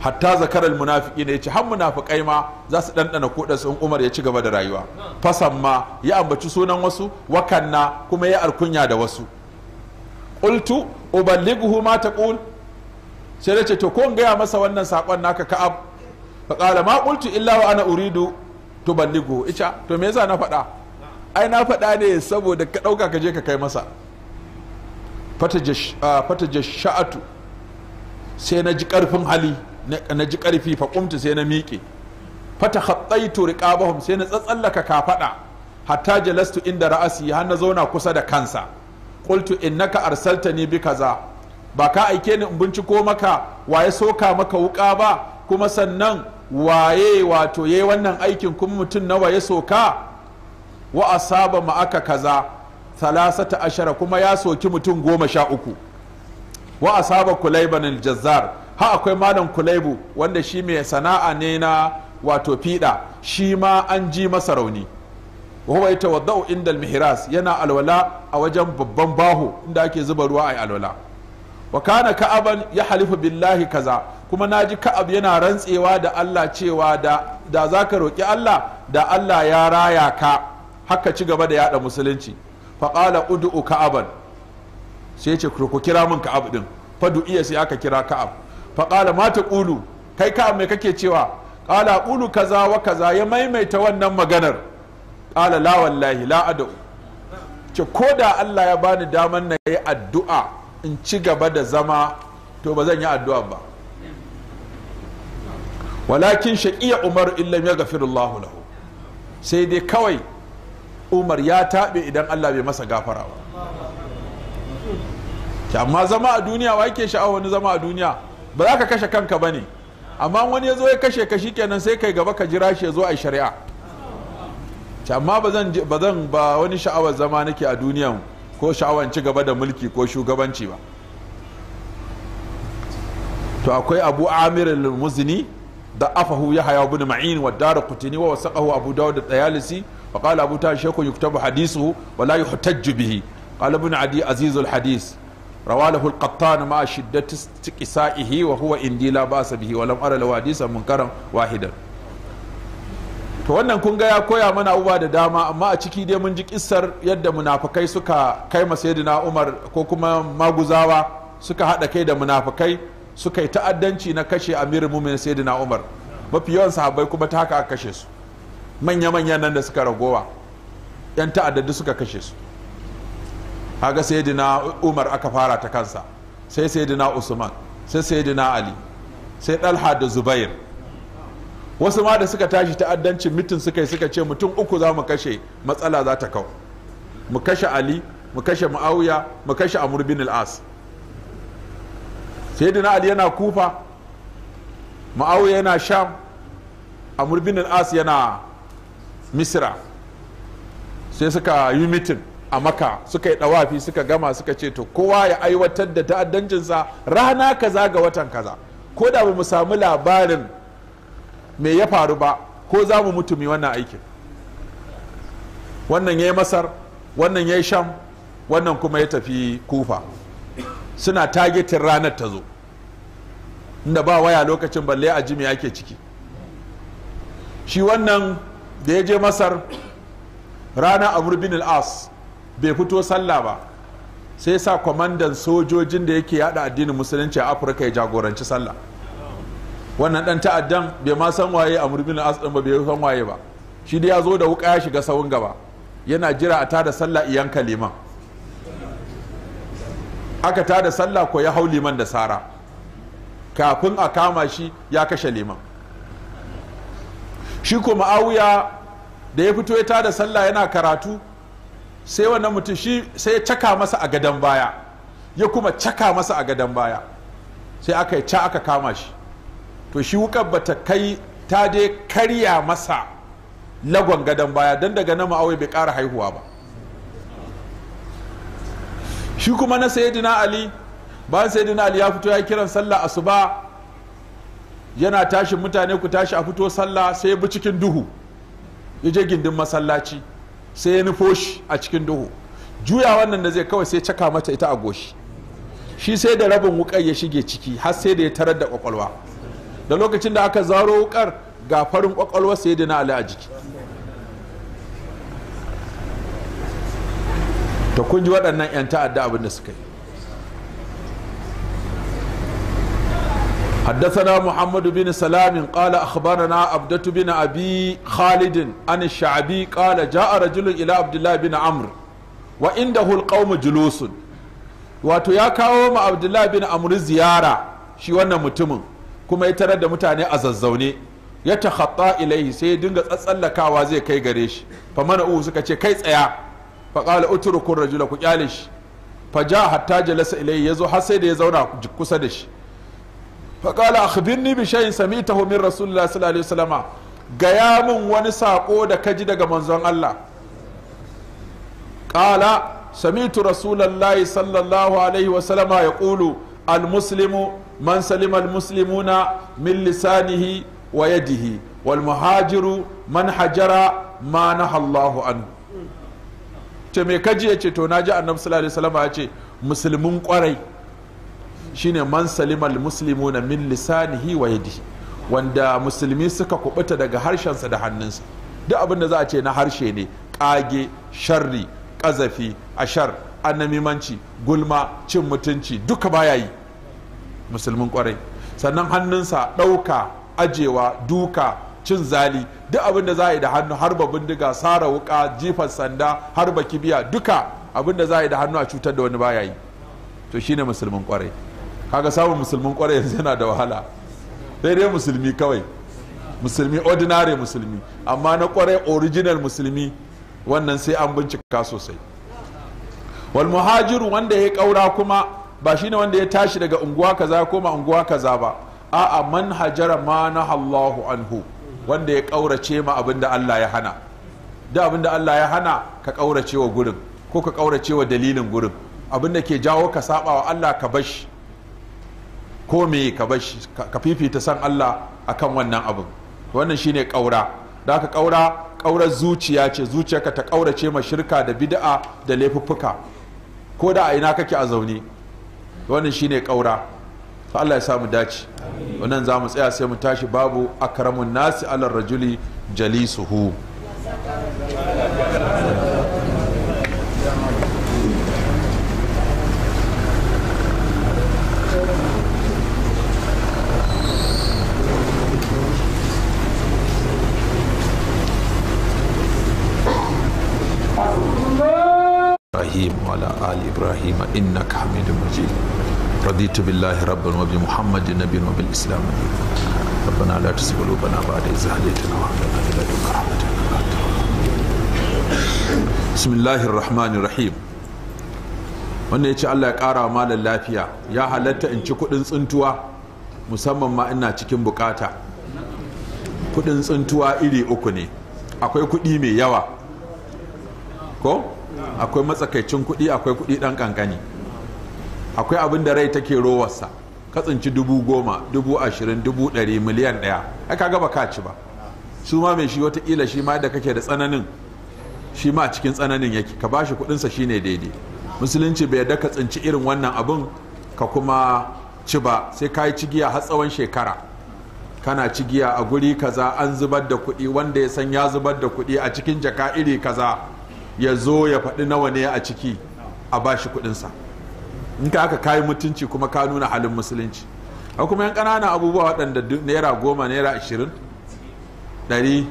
hatta zakarar munafiki ne ya har munafikai ma za su ko da sun umar ya ci gaba da rayuwa fasan ma ya ambaci sunan wasu wakanna kuma ya alkunya da wasu qultu uballighu ma taqul sai da ce to ko gaya masa wannan sakon naka ka'ab fa qala ma qultu illa wa ana uridu tuballigu ita to me yasa na faɗa ai na faɗa ne saboda ka ɗauka ka je ka kai masa fataje ah, sha'atu sai na ji ƙarfin hali na ji ƙarfi fa sai na miƙe fata khattaitu riqabahum sai na tsatsallaka ka faɗa. hatta jalastu inda ra'asi har na zauna kusa da kansa qultu innaka arsaltani bi kaza ba ka aike ni in binciko maka waye soka maka wuka ba kuma sannan waye wato yayi wannan aikin kuma mutum nawa ya soka wa asaba aka kaza salasata ashara kuma ya soki mutum goma sha uku wa asaba kulaiban aljazzar ha akwai malam kulaibu wanda shi mai sana'a ne na wato fiɗa shi ma an ji masa rauni wahuwa ita wadda'u inda almihras yana alwala a wajen babban baho inda ake zuba ruwa a yi alwala wa kana ka'aban ya halifa billahi kaza kuma na ji ka'ab yana rantsewa da Allah cewa da da zaka roki Allah da Allah ya raya ka haka ci gaba da yaɗa musulunci fa qala ka'aban sai ce ku kira min ka'ab din fa du'iya sai aka kira ka'ab fa qala ma kai ka'ab me kake cewa qala qulu kaza wa kaza ya maimaita wannan maganar qala la wallahi la ad'u ce ko da Allah ya bani daman na yi addu'a in ci gaba da zama to ba zan yi addu'a ba walakin shaqiya umar illam yaghfirullahu lahu sai dai kawai umar ya taɓe idan Allah bai masa gafara ba amma zama a duniya wa yake sha'awar wani zama a duniya ba za ka kashe kanka ba ne amma wani ya zo ya kashe ka shi kenan sai kai gaba ka jira shi ya zo a shari'a amma ba zan ba wani sha'awar zama nake a duniyan ko sha'awar ci gaba da mulki ko shugabanci ba to akwai abu amir al-muzni da afahu ya haya bin ma'in wa dara kutini wa wasaqahu abu dawud da tayalisi wa qala abu ta shaykhu yuktabu hadithuhu wa la yuhtajju bihi qala ibn adi aziz al-hadith رواه القطان مع شدة wa وهو إندي لا بأس به ولم أرى له حديثا منكرا wahidan. to wannan kun ga ya koya mana uba da dama amma a ciki dai mun ji kisar yadda munafakai suka kai masayidina umar ko kuma maguzawa suka haɗa kai da munafakai suka yi ta'addanci na kashe amirin mumin sayidina umar mafi yawan sahabbai kuma ta haka aka kashe su manya-manyan nan da suka ragowa yan ta'addadi suka kashe su haga sayidina umar aka fara ta kansa sai sayidina usman sai sayidina ali sai dalha da zubair wasu ma da suka tashi ta'addancin mitin suka yi suka ce mutum uku za mu kashe matsala za ta kau mu kashe ali mu kashe mu'awiya mu kashe amur bin al'as na ali yana kufa mu'awiya yana sham amur bin al'as yana misira sai suka yi mitin a maka suka yi dawafi suka gama suka ce to kowa ya aiwatar da ta'addancinsa rana kaza ga watan kaza ko da ba mu samu labarin me ya faru ba ko za mu mutumi wannan aikin wannan ya yi masar wannan ya yi sham wannan kuma ya tafi kufa suna tagetin ranar ta zo inda ba waya lokacin balle a jimi ake ciki shi wannan da ya je masar rana a bin al'as bai fito sallah ba sai sa kwamandan sojojin da yake yada addinin musulunci a afirka ya jagoranci sallah wannan dan ta'addan bai ma san waye a murbin asdan ba bai san waye ba shi da ya zo da wuka ya shiga sawun gaba yana jira a tada sallah iyan kalima aka tada sallah ko ya hau liman da sara kafin a kama shi ya kashe liman shi ko ma'awiya da ya fito ya tada sallah yana karatu sai wannan mutum shi sai ya caka masa a gadon baya ya kuma caka masa a gadon baya sai aka yi ca aka kama shi to shi wukar bata kai ta dai karya masa lagon gadon baya don daga nama awai bai ƙara haihuwa ba shi kuma na sayyidina ali bayan sayyidina ali ya fito ya kiran sallah asuba yana tashi mutane ku tashi a fito sallah sai bi cikin duhu ya je gindin masallaci sai ya nufo shi a cikin duhu juya wannan da zai kawai sai caka mata ita a goshi shi sai da rabin wuƙar ya shige ciki har sai da ya tarar da kwakwalwa da lokacin da aka zaro wuƙar ga farin kwakwalwa sai da na ala a jiki ta kun ji waɗannan 'yan ta'adda abin da suka Haddasana muhammadu bin salamin ƙala akabana na abdattu bin abi khalidin an sha'abi ƙala ja a rajulun ila bin amur wa inda hulƙau ma julusun wato ya kawo ma abdullah bin amur ziyara shi wannan mutumin kuma ya tarar da mutane a zazzaune ya takhatta ilaihi sai ya dinga tsatsallakawa zai kai gare shi fa mana uhu suka ce kai tsaya fa qala utruku rajula ku kyale shi fa ja hatta jalasa ilaihi yazo har sai da ya zauna kusa da shi fa qala akhbirni bi shay'in samitahu min rasulillah sallallahu alaihi wasallama gaya min wani sako da ka ji daga manzon Allah qala samitu rasulullahi sallallahu alaihi wasallama yaqulu al muslimu man salima almuslimuna min lisanihi wa yadihi wal muhajiru man hajara ma nahallahu anhu ce me kaji ya ce to na ji annabi sallallahu alaihi wasallam ya ce musulmin kwarai shine man salima almuslimuna min lisanihi wa yadihi wanda musulmi suka kubuta daga harshensa da hannunsa duk abin da za a ce na harshe ne kage sharri ƙazafi ashar annamimanci gulma cin mutunci duka baya yi musulmin kwarai sannan hannunsa ɗauka ajewa duka cin zali duk abin da za a yi da hannu harba bindiga sara wuka jifar sanda harba kibiya duka abin da za a yi da hannu a cutar da wani baya yi to shine musulmin kwarai kaga samun musulmin kwarai yanzu yana da wahala sai dai musulmi kawai musulmi ordinary musulmi amma na kwarai original musulmi wannan sai an bincika sosai wal muhajiru wanda ya kaura kuma ba ne wanda ya tashi daga unguwa kaza koma unguwa kaza ba a'a man hajara ma nahallahu anhu wanda ya kaurace ma abinda Allah ya hana da abinda Allah ya hana ka kaurace wa gurin ko ka kaurace wa dalilin gurin abinda ke jawo ka saba wa Allah ka bashi ko me ka bashi ka fifita san Allah akan wannan abin wannan shine kaura da ka kaura kaurar zuciya ce zuciyarka ta kaurace ma shirka da bid'a da laifuffuka ko da a ina kake a zaune wannan shine kaura to Allah ya samu dace wannan za mu tsaya sai mu tashi babu akramun nasi alar rajuli jalisuhu إبراهيم وعلى آل إبراهيم إنك حميد مجيد رضيت بالله ربا وبمحمد نبيا وبالاسلام ربنا لا تزغ قلوبنا بعد إذ هديتنا وهب لنا من رحمة بسم الله الرحمن الرحيم wannan ya ce Allah ya ƙara wa malar lafiya ya halatta in ci kuɗin tsintuwa musamman ma ina cikin bukata kuɗin tsintuwa iri uku ne akwai kuɗi mai yawa ko akwai matsakaicin kuɗi akwai kuɗi ɗan ƙanƙani akwai abin da rai take rowarsa ka tsinci dubu goma dubu ashirin dubu ɗari miliyan ɗaya ai ka gaba ka ci ba su ma mai shi watakila shi ma da kake da tsananin shi ma cikin tsananin yake ka bashi kuɗinsa shine daidai musulunci bai yarda ka tsinci irin wannan abin ka kuma ci ba sai ka yi cigiya har tsawon shekara kana cigiya a guri kaza an zubar da kuɗi wanda ya san ya zubar da kuɗi a cikin jaka iri kaza ya zo ya faɗi nawa ne a ciki a bashi kuɗinsa in ka aka kayi mutunci kuma ka nuna halin musulunci a kuma yan ƙananan abubuwa waɗanda naira goma naira ashirin ɗari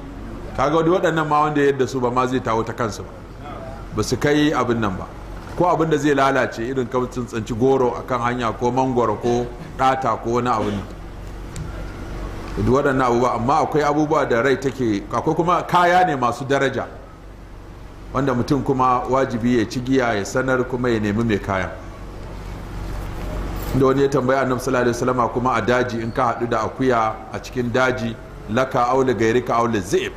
kaga wani waɗannan ma wanda yadda su ba ma zai tawo ta kansu ba ba su kai abin nan ba ko abin da zai lalace irin kamcin tsanci goro a kan hanya ko mangoro ko ɗata ko wani abu ne duk waɗannan abubuwa amma akwai abubuwa da rai take akwai kuma kaya ne masu daraja wanda mutum kuma wajibi ya ci giya ya sanar kuma ya nemi mai kaya. da wani ya tambaya annabi sallallahu alaihi wasallam kuma a daji in ka hadu da akuya a cikin daji laka aule gairi ka aule zib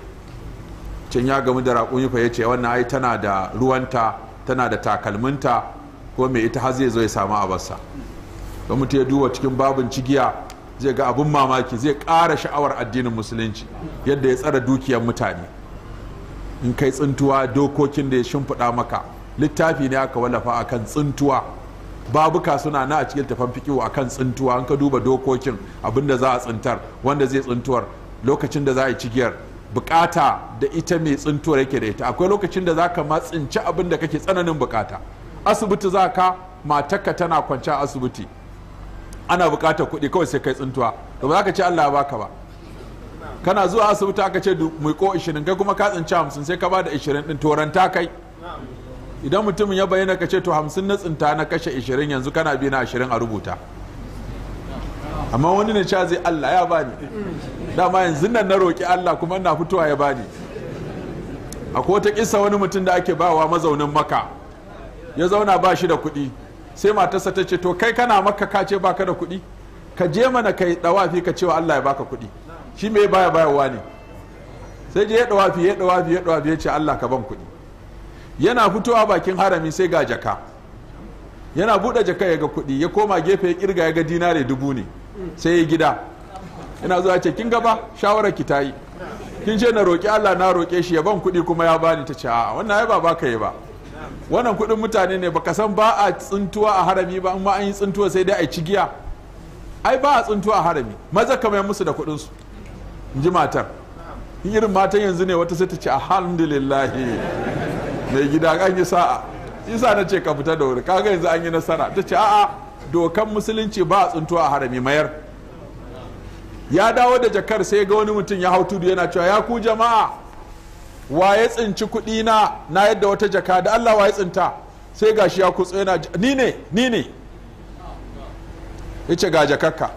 can ya gamu da raƙumi fa yace wannan ai tana da ruwanta tana da takalminta ko mai ita har zai zo ya samu abarsa don mutum ya duba cikin babin cigiya zai ga abin mamaki zai ƙara sha'awar addinin musulunci yadda ya tsara dukiyar mutane in kai tsintuwa dokokin da ya shimfiɗa maka littafi ne aka wallafa akan tsintuwa babuka suna na a cikin tafan a akan tsintuwa an ka duba dokokin da za a tsintar wanda zai tsintuwar lokacin da za a yi cigiyar bukata da ita mai tsintuwar yake da ita akwai lokacin da za ka ma tsinci abin da kake tsananin bukata asibiti za ka matakka tana kwanci a asibiti ana bukatar kuɗi kawai sai kai tsintuwa to ba za ka ce Allah ya baka ba kana zuwa asibiti aka ce mai ko 20 kai kuma ka tsinci 50 sai ka ba da 20 din toranta kai idan mutumin ya bayyana ka ce to hamsin na tsinta na kashe ishirin yanzu kana bi na ashirin a rubuta amma wani na zai allah ya bani dama yanzu nan na roƙi allah kuma ina fitowa ya bani akwai wata kisa wani mutum da ake bawa mazaunin maka ya zauna ba shi da kuɗi sai matarsa ta ce to kai kana maka ka ce baka da kuɗi ka je mana kai dawafi ka cewa allah ya baka kuɗi shi me baya bayarwa ne sai je ya dawafi ya dawafi ya dawafi ya ce allah ka ban kuɗi yana fitowa bakin harami sai ga jaka yana buɗe jaka ya ga kuɗi ya koma gefe ya kirga ya ga dinare dubu ne sai ya gida yana zuwa ce kin gaba shawarar ki tayi kin ce na roƙi Allah na roƙe shi ya ban kuɗi kuma ya bani ta ce aa wannan ai ba baka yi ba wannan kuɗin mutane ne baka san ba a tsintuwa a harami ba amma an yi tsintuwa sai dai a ci giya ai ba a tsintuwa a harami maza ka mai musu da kuɗin su in ji matar irin matan yanzu ne wata sai ta ce alhamdulillah mai gida an yi sa'a isa na ce ka fita da wuri kaga yanzu an yi nasara ta ce a'a dokan musulunci ba a tsinto a harami mayar ya dawo da jakar sai ga wani mutum ya hau tudu yana cewa ya ku jama'a wa ya tsinci kuɗi na na yadda wata jaka da Allah wa ya tsinta sai gashi ya kutsu yana ni ne ni ne yace ga jakakka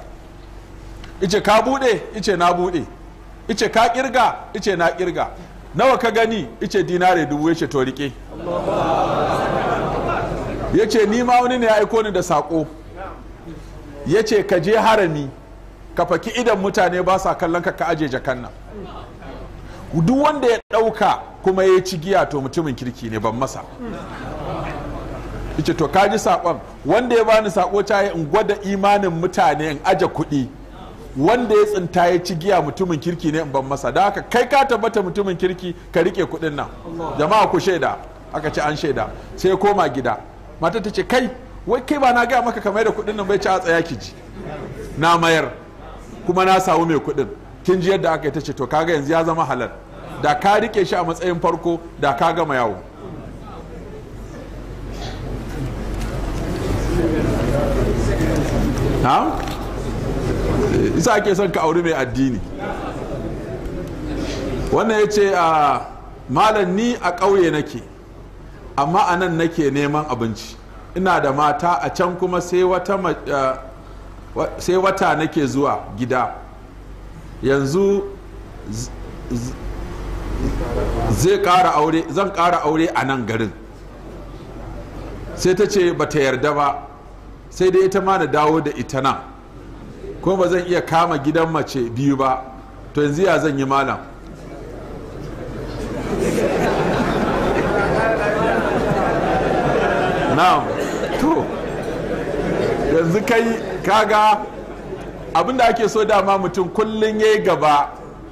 ice ka bude ice na bude ice ka kirga ice na kirga nawa ka gani ice dinare dubu ya ce to rike ya ce ni ma wani ne ya aiko ni da saƙo ya ce ka je harami ka faki idan mutane ba sa kallon ka ka aje jakan nan duk wanda ya ɗauka kuma ya ci giya to mutumin kirki ne ban masa ice to kaji saƙon wanda ya bani saƙo ta in gwada imanin mutane in aje kuɗi wanda ya tsinta ya ci giya mutumin kirki ne in ban masa da haka kai ka tabbata mutumin kirki ka rike kuɗin nan jama'a ku shaida aka ce an shaida sai ya koma gida mata ta ce kai wai kai ba na gaya maka ka mayar da kuɗin nan bai ci a tsaya ki ji na mayar kuma na samu mai kuɗin kin ji yadda aka yi ta ce to kaga yanzu ya zama halal da ka rike shi a matsayin farko da ka gama yawo isa ake son ka auri mai addini wannan ya ce a ah, malam ni a ƙauye nake amma a nan nake neman abinci ina da mata a can kuma sai wata ah, nake zuwa gida yanzu zan ƙara aure a nan garin sai ta ce ba ta yarda ba sai dai ita ma na dawo da ita nan ko ba zan iya kama gidan mace biyu ba to yanzu ya zan yi malam na'am to yanzu kai kaga abinda ake so dama mutum kullum ya yi gaba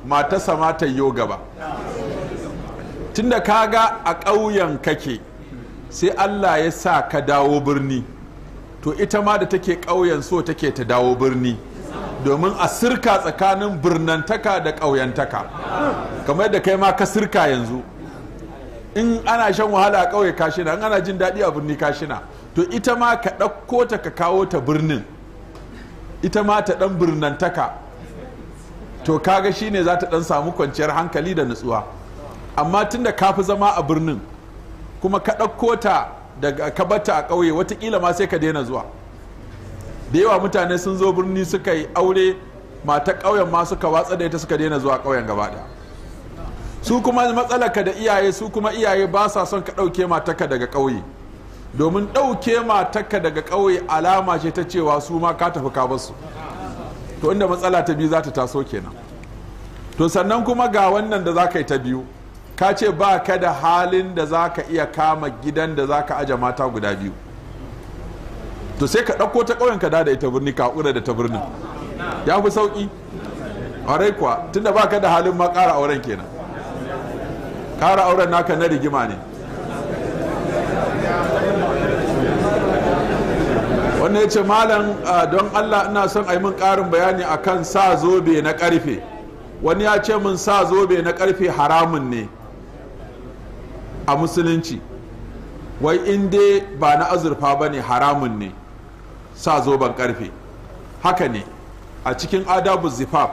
matasa mata yi gaba tunda kaga a ƙauyen kake sai allah ya sa ka dawo birni to ita ma da take ƙauyen so take ta dawo birni domin a sirka tsakanin birnantaka da ƙauyantaka kamar da kai ma ka sirka yanzu in ana shan wahala a ƙauye kashina in ana jin daɗi a birni kashina to ita ma ka ɗauko ta ka kawo ta birnin ita ma ta ɗan birnantaka to kaga shine za ta ɗan samu kwanciyar hankali da nutsuwa amma tun da ka fi zama a birnin kuma ka ɗauko ta daga ka bata a ƙauye watakila ma sai ka daina zuwa da yawa mutane sun zo birni suka yi aure mata ƙauyen ma suka watsa da ita suka daina zuwa ƙauyen gaba ɗaya su kuma matsalaka da iyaye su kuma iyaye ba sa son ka ɗauke mataka daga ƙauye domin ɗauke mataka daga ƙauye alama ce ta cewa su ma ka tafi ka basu to inda matsala ta biyu za ta taso kenan to sannan kuma ga wannan da za ka yi ta biyu ka ce ba ka da halin da za ka iya kama gidan da za ka aje mata guda biyu to sai ka ɗauko ta ƙauyen ka da da ita birni ka haƙura da ta birnin ya fi sauƙi ƙwarai kuwa tunda ba ka da halin ma ƙara auren kenan ƙara auren naka na rigima ne wannan ya ce malam don allah ina son a yi min ƙarin bayani akan sa zobe na ƙarfe wani ya ce min sa zobe na ƙarfe haramun ne a musulunci wai in dai ba na azurfa ba ne haramun ne sa zoben karfe haka ne a cikin adabu zifaf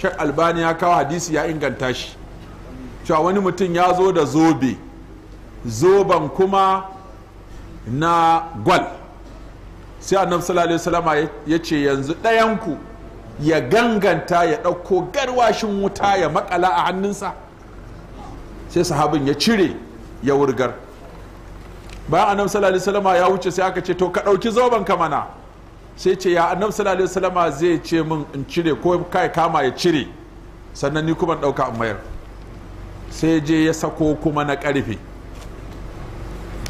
shek albani ya kawo hadisi ya inganta shi cewa wani mutum ya zo da zobe zoben kuma na gwal sai annabi sallallahu alaihi ya ce yanzu ɗayanku ya ganganta ya ɗauko garwashin wuta ya makala a hannunsa sai sahabin ya cire ya wurgar bayan annabi sallallahu alaihi wasallama ya wuce sai aka ce to ka dauki zoban ka mana sai ce ya annabi sallallahu alaihi wasallama zai ce min in cire ko kai kama ya cire sannan ni kuma dauka in mayar sai je ya sako kuma na karfe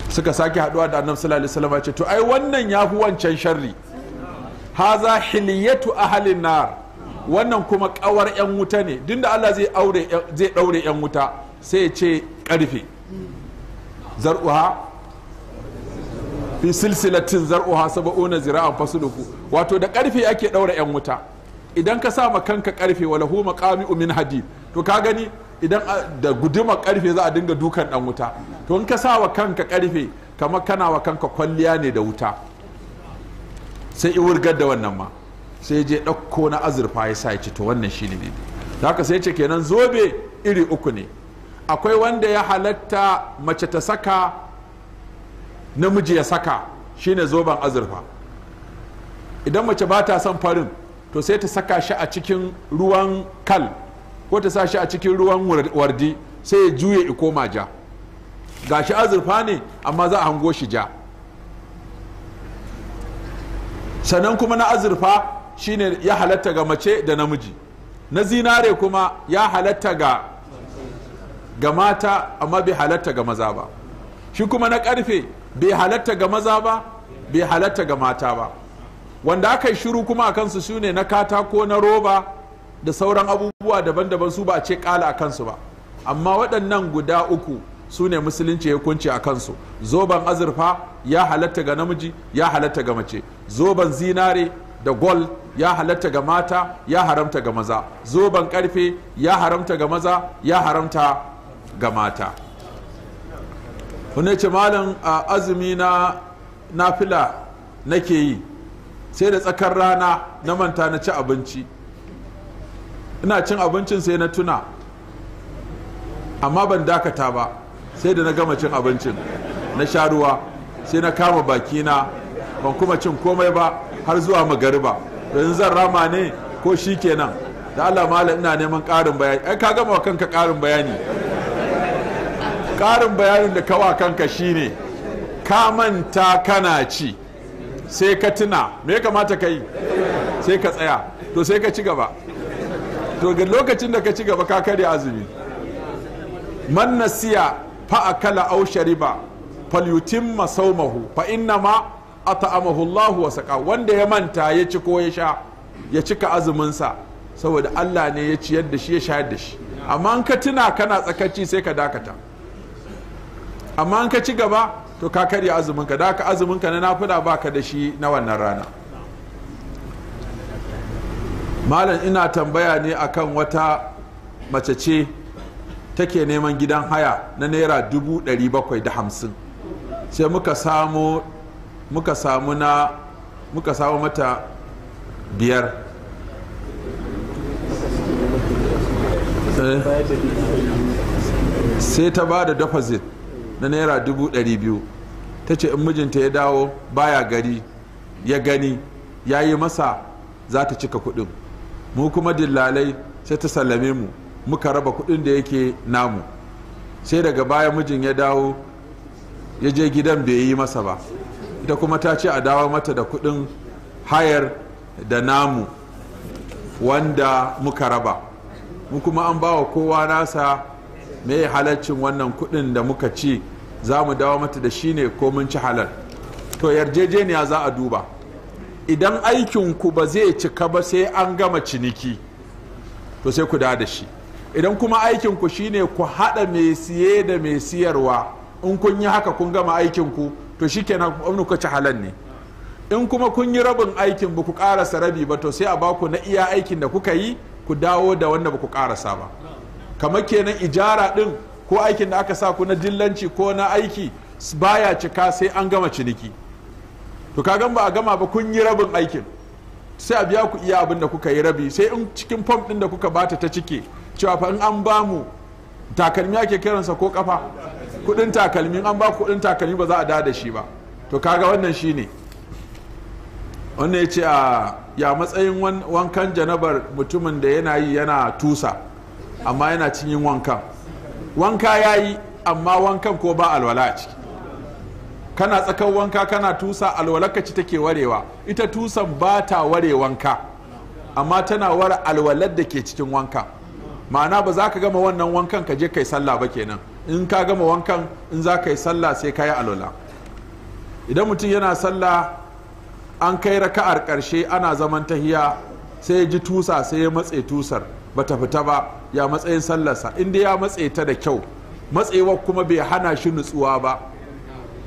suka sake haduwa da annabi sallallahu alaihi wasallama ce to ai wannan ya fi wancan sharri haza hiliyatu ahlin nar wannan kuma kawar yan wuta ne dinda Allah zai aure zai daure yan wuta sai ya ce karfe zar'uha fi silsilatin zar'uha sab'una zira'an fasluhu wato da karfe ake daura yan wuta idan ka sa kanka karfe wala hu maqami'u min hadi to ka gani idan da guduma karfe za a dinga dukan dan wuta to in ka sa wa kanka karfe kama kana wa kanka kwalliya ne da wuta sai iwurgar da wannan ma sai je ɗauko na azurfa ya sa ci to wannan shi ne haka sai ce kenan zobe iri uku ne akwai wanda ya halatta mace ta saka namiji ya saka shine zoben azurfa idan mace ba ta son farin to sai ta saka shi a cikin ruwan kal ko ta sa shi a cikin ruwan wardi sai ya juye koma ja ga shi azurfa ne amma za a hango shi ja sannan kuma na azurfa shine ya halatta ga mace da namiji na zinare kuma ya halatta ga ga mata amma bai halatta ga maza ba shi kuma na karfe bai halatta ga maza ba bai halatta ga mata ba wanda aka yi shiru kuma a kansu su ne na katako na roba da sauran abubuwa daban-daban su ba a ce kala a kansu ba amma waɗannan guda uku su ne musulunci ya kunci a kansu zoban azurfa ya halatta ga namiji ya halatta ga mace zoban zinare da gol ya halatta ga mata ya haramta ga maza zoban karfe ya haramta ga maza ya haramta ga mata wani ce malam a azumi na nafila nake yi sai da tsakar rana na manta na ci abinci ina cin abincin sai na tuna amma ban dakata ba sai da na gama cin abincin na sha ruwa sai na kama bakina ban kuma cin komai ba har zuwa magariba yanzu zan rama ne ko shi kenan da allah malam ina neman ƙarin bayani ai ka gama wa kanka karin bayani karin bayanin da kawa kanka shine ka manta kana ci sai ka tuna me kamata ka yi sai ka tsaya to sai ka ci gaba to ga lokacin da ka ci gaba ka karya azumi man nasiya fa akala aw shariba falyutimma sawmahu fa inna ma at'amahu Allahu wa saqa wanda ya manta ya ci ko ya sha ya cika azumin sa saboda Allah ne ya ciyar da shi ya shayar da shi amma in ka tuna kana tsakaci sai ka dakata amma an ka ci gaba to ka karya azuminka da ka azuminka na nafuda ba ka da shi na wannan rana malam ina tambaya ne akan wata mace ce take neman gidan haya na naira dubu ɗari bakwai da hamsin sai muka samu muka samu na muka samu mata biyar eh? sai ta ba da deposit na naira dubu ɗari biyu ta ce in mijinta ya dawo baya gari ya gani ya yi masa za ta cika kuɗin mu kuma dillalai sai ta sallame mu muka raba kuɗin da yake namu sai daga baya mijin ya dawo ya je gidan bai yi masa ba ita kuma ta ce a dawo mata da kuɗin hayar da namu wanda muka raba mu kuma an bawa kowa nasa mai halaccin wannan kuɗin da muka ci za mu dawo mata da shi ne ko mun ci halal to yarjejeniya za a duba idan aikinku ba zai cika ba sai an gama ciniki to sai ku da shi idan kuma aikinku shi ne ku haɗa mai siye da mai siyarwa in kun yi haka kun gama aikinku to shi kenan ku ci halal ne in kuma kun yi rabin aikin ba ku ƙarasa rabi ba to sai a baku na iya aikin da kuka yi ku dawo da wanda ba ku ƙarasa ba kamar kenan ijara ɗin ko aikin da aka sa ku na dillanci ko na aiki baya cika sai an gama ciniki to ka gan ba a gama ba kun yi rabin aikin sai a biya ku iya abin da kuka yi rabi sai in cikin fom din da kuka bata ta cike cewa fa in an ba mu takalmi ake kiransa ko kafa kudin takalmi an ba kudin takalmi ba za a da shi ba to kaga wannan shine wanda ya ce a ya matsayin wankan janabar mutumin da yana yi yana tusa amma yana cin yin wankan wanka ya yi amma wankan ko ba alwala a ciki kana tsakan wanka kana tusa alwalarka take warewa ita tusan ba ta ware wanka amma tana ware alwalar da ke cikin wanka ma'ana ba za ka gama wannan wankan ka je kai sallah ba kenan in ka gama wankan in za ka yi sallah sai ka yi alwala idan mutum yana sallah an kai raka'ar karshe ana zaman tahiya sai ya ji tusa sai ya matse tusar bata fita ba ya matsayin sallarsa inda ya matse ta da kyau matsewar kuma bai hana shi nutsuwa ba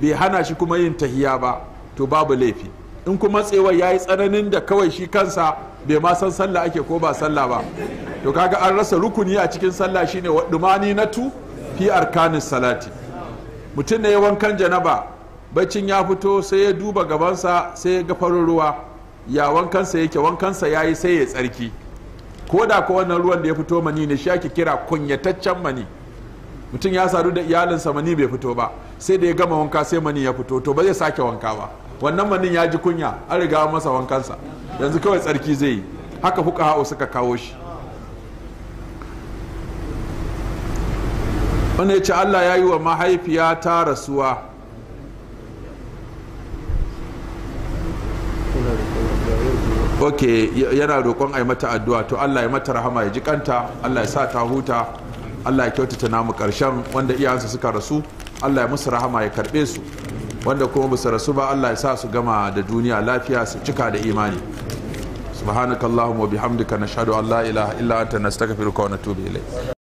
bai hana shi kuma yin tahiya ba to babu laifi in kuma matsewar ya yi tsananin da kawai shi kansa bai ma san sallah ake ko ba sallah ba to kaga an rasa rukuni a cikin sallah shine wadumani na tu fi arkanin salati mutum da ne wankan janaba baccin ya fito sai ya duba gabansa sai ya ga farin ruwa ya wankansa yake wankansa ya yi sai ya tsarki ko da ko wannan ruwan da ya fito mani ne shi ake kira kunyataccen mani mutum ya sadu da iyalinsa mani bai fito ba sai da ya gama wanka sai mani ya fito to ba zai sake wanka ba wannan manin ya ji kunya an riga masa wankansa yanzu kawai tsarki zai yi haka fuka ha'u suka kawo shi wanda ya ce allah ya yi wa mahaifiya ta rasuwa ok yana roƙon a yi mata addu'a to Allah ya mata rahama ya ji kanta Allah ya sa ta huta Allah ya kyautata namu karshen wanda iyayensu suka rasu Allah ya musu rahama ya karbe su wanda kuma ba rasu ba Allah ya sa su gama da duniya lafiya su cika da imani subhanakallahumma wa bihamdika nashhadu an la ilaha illa anta nastaghfiruka wa natubu ilayk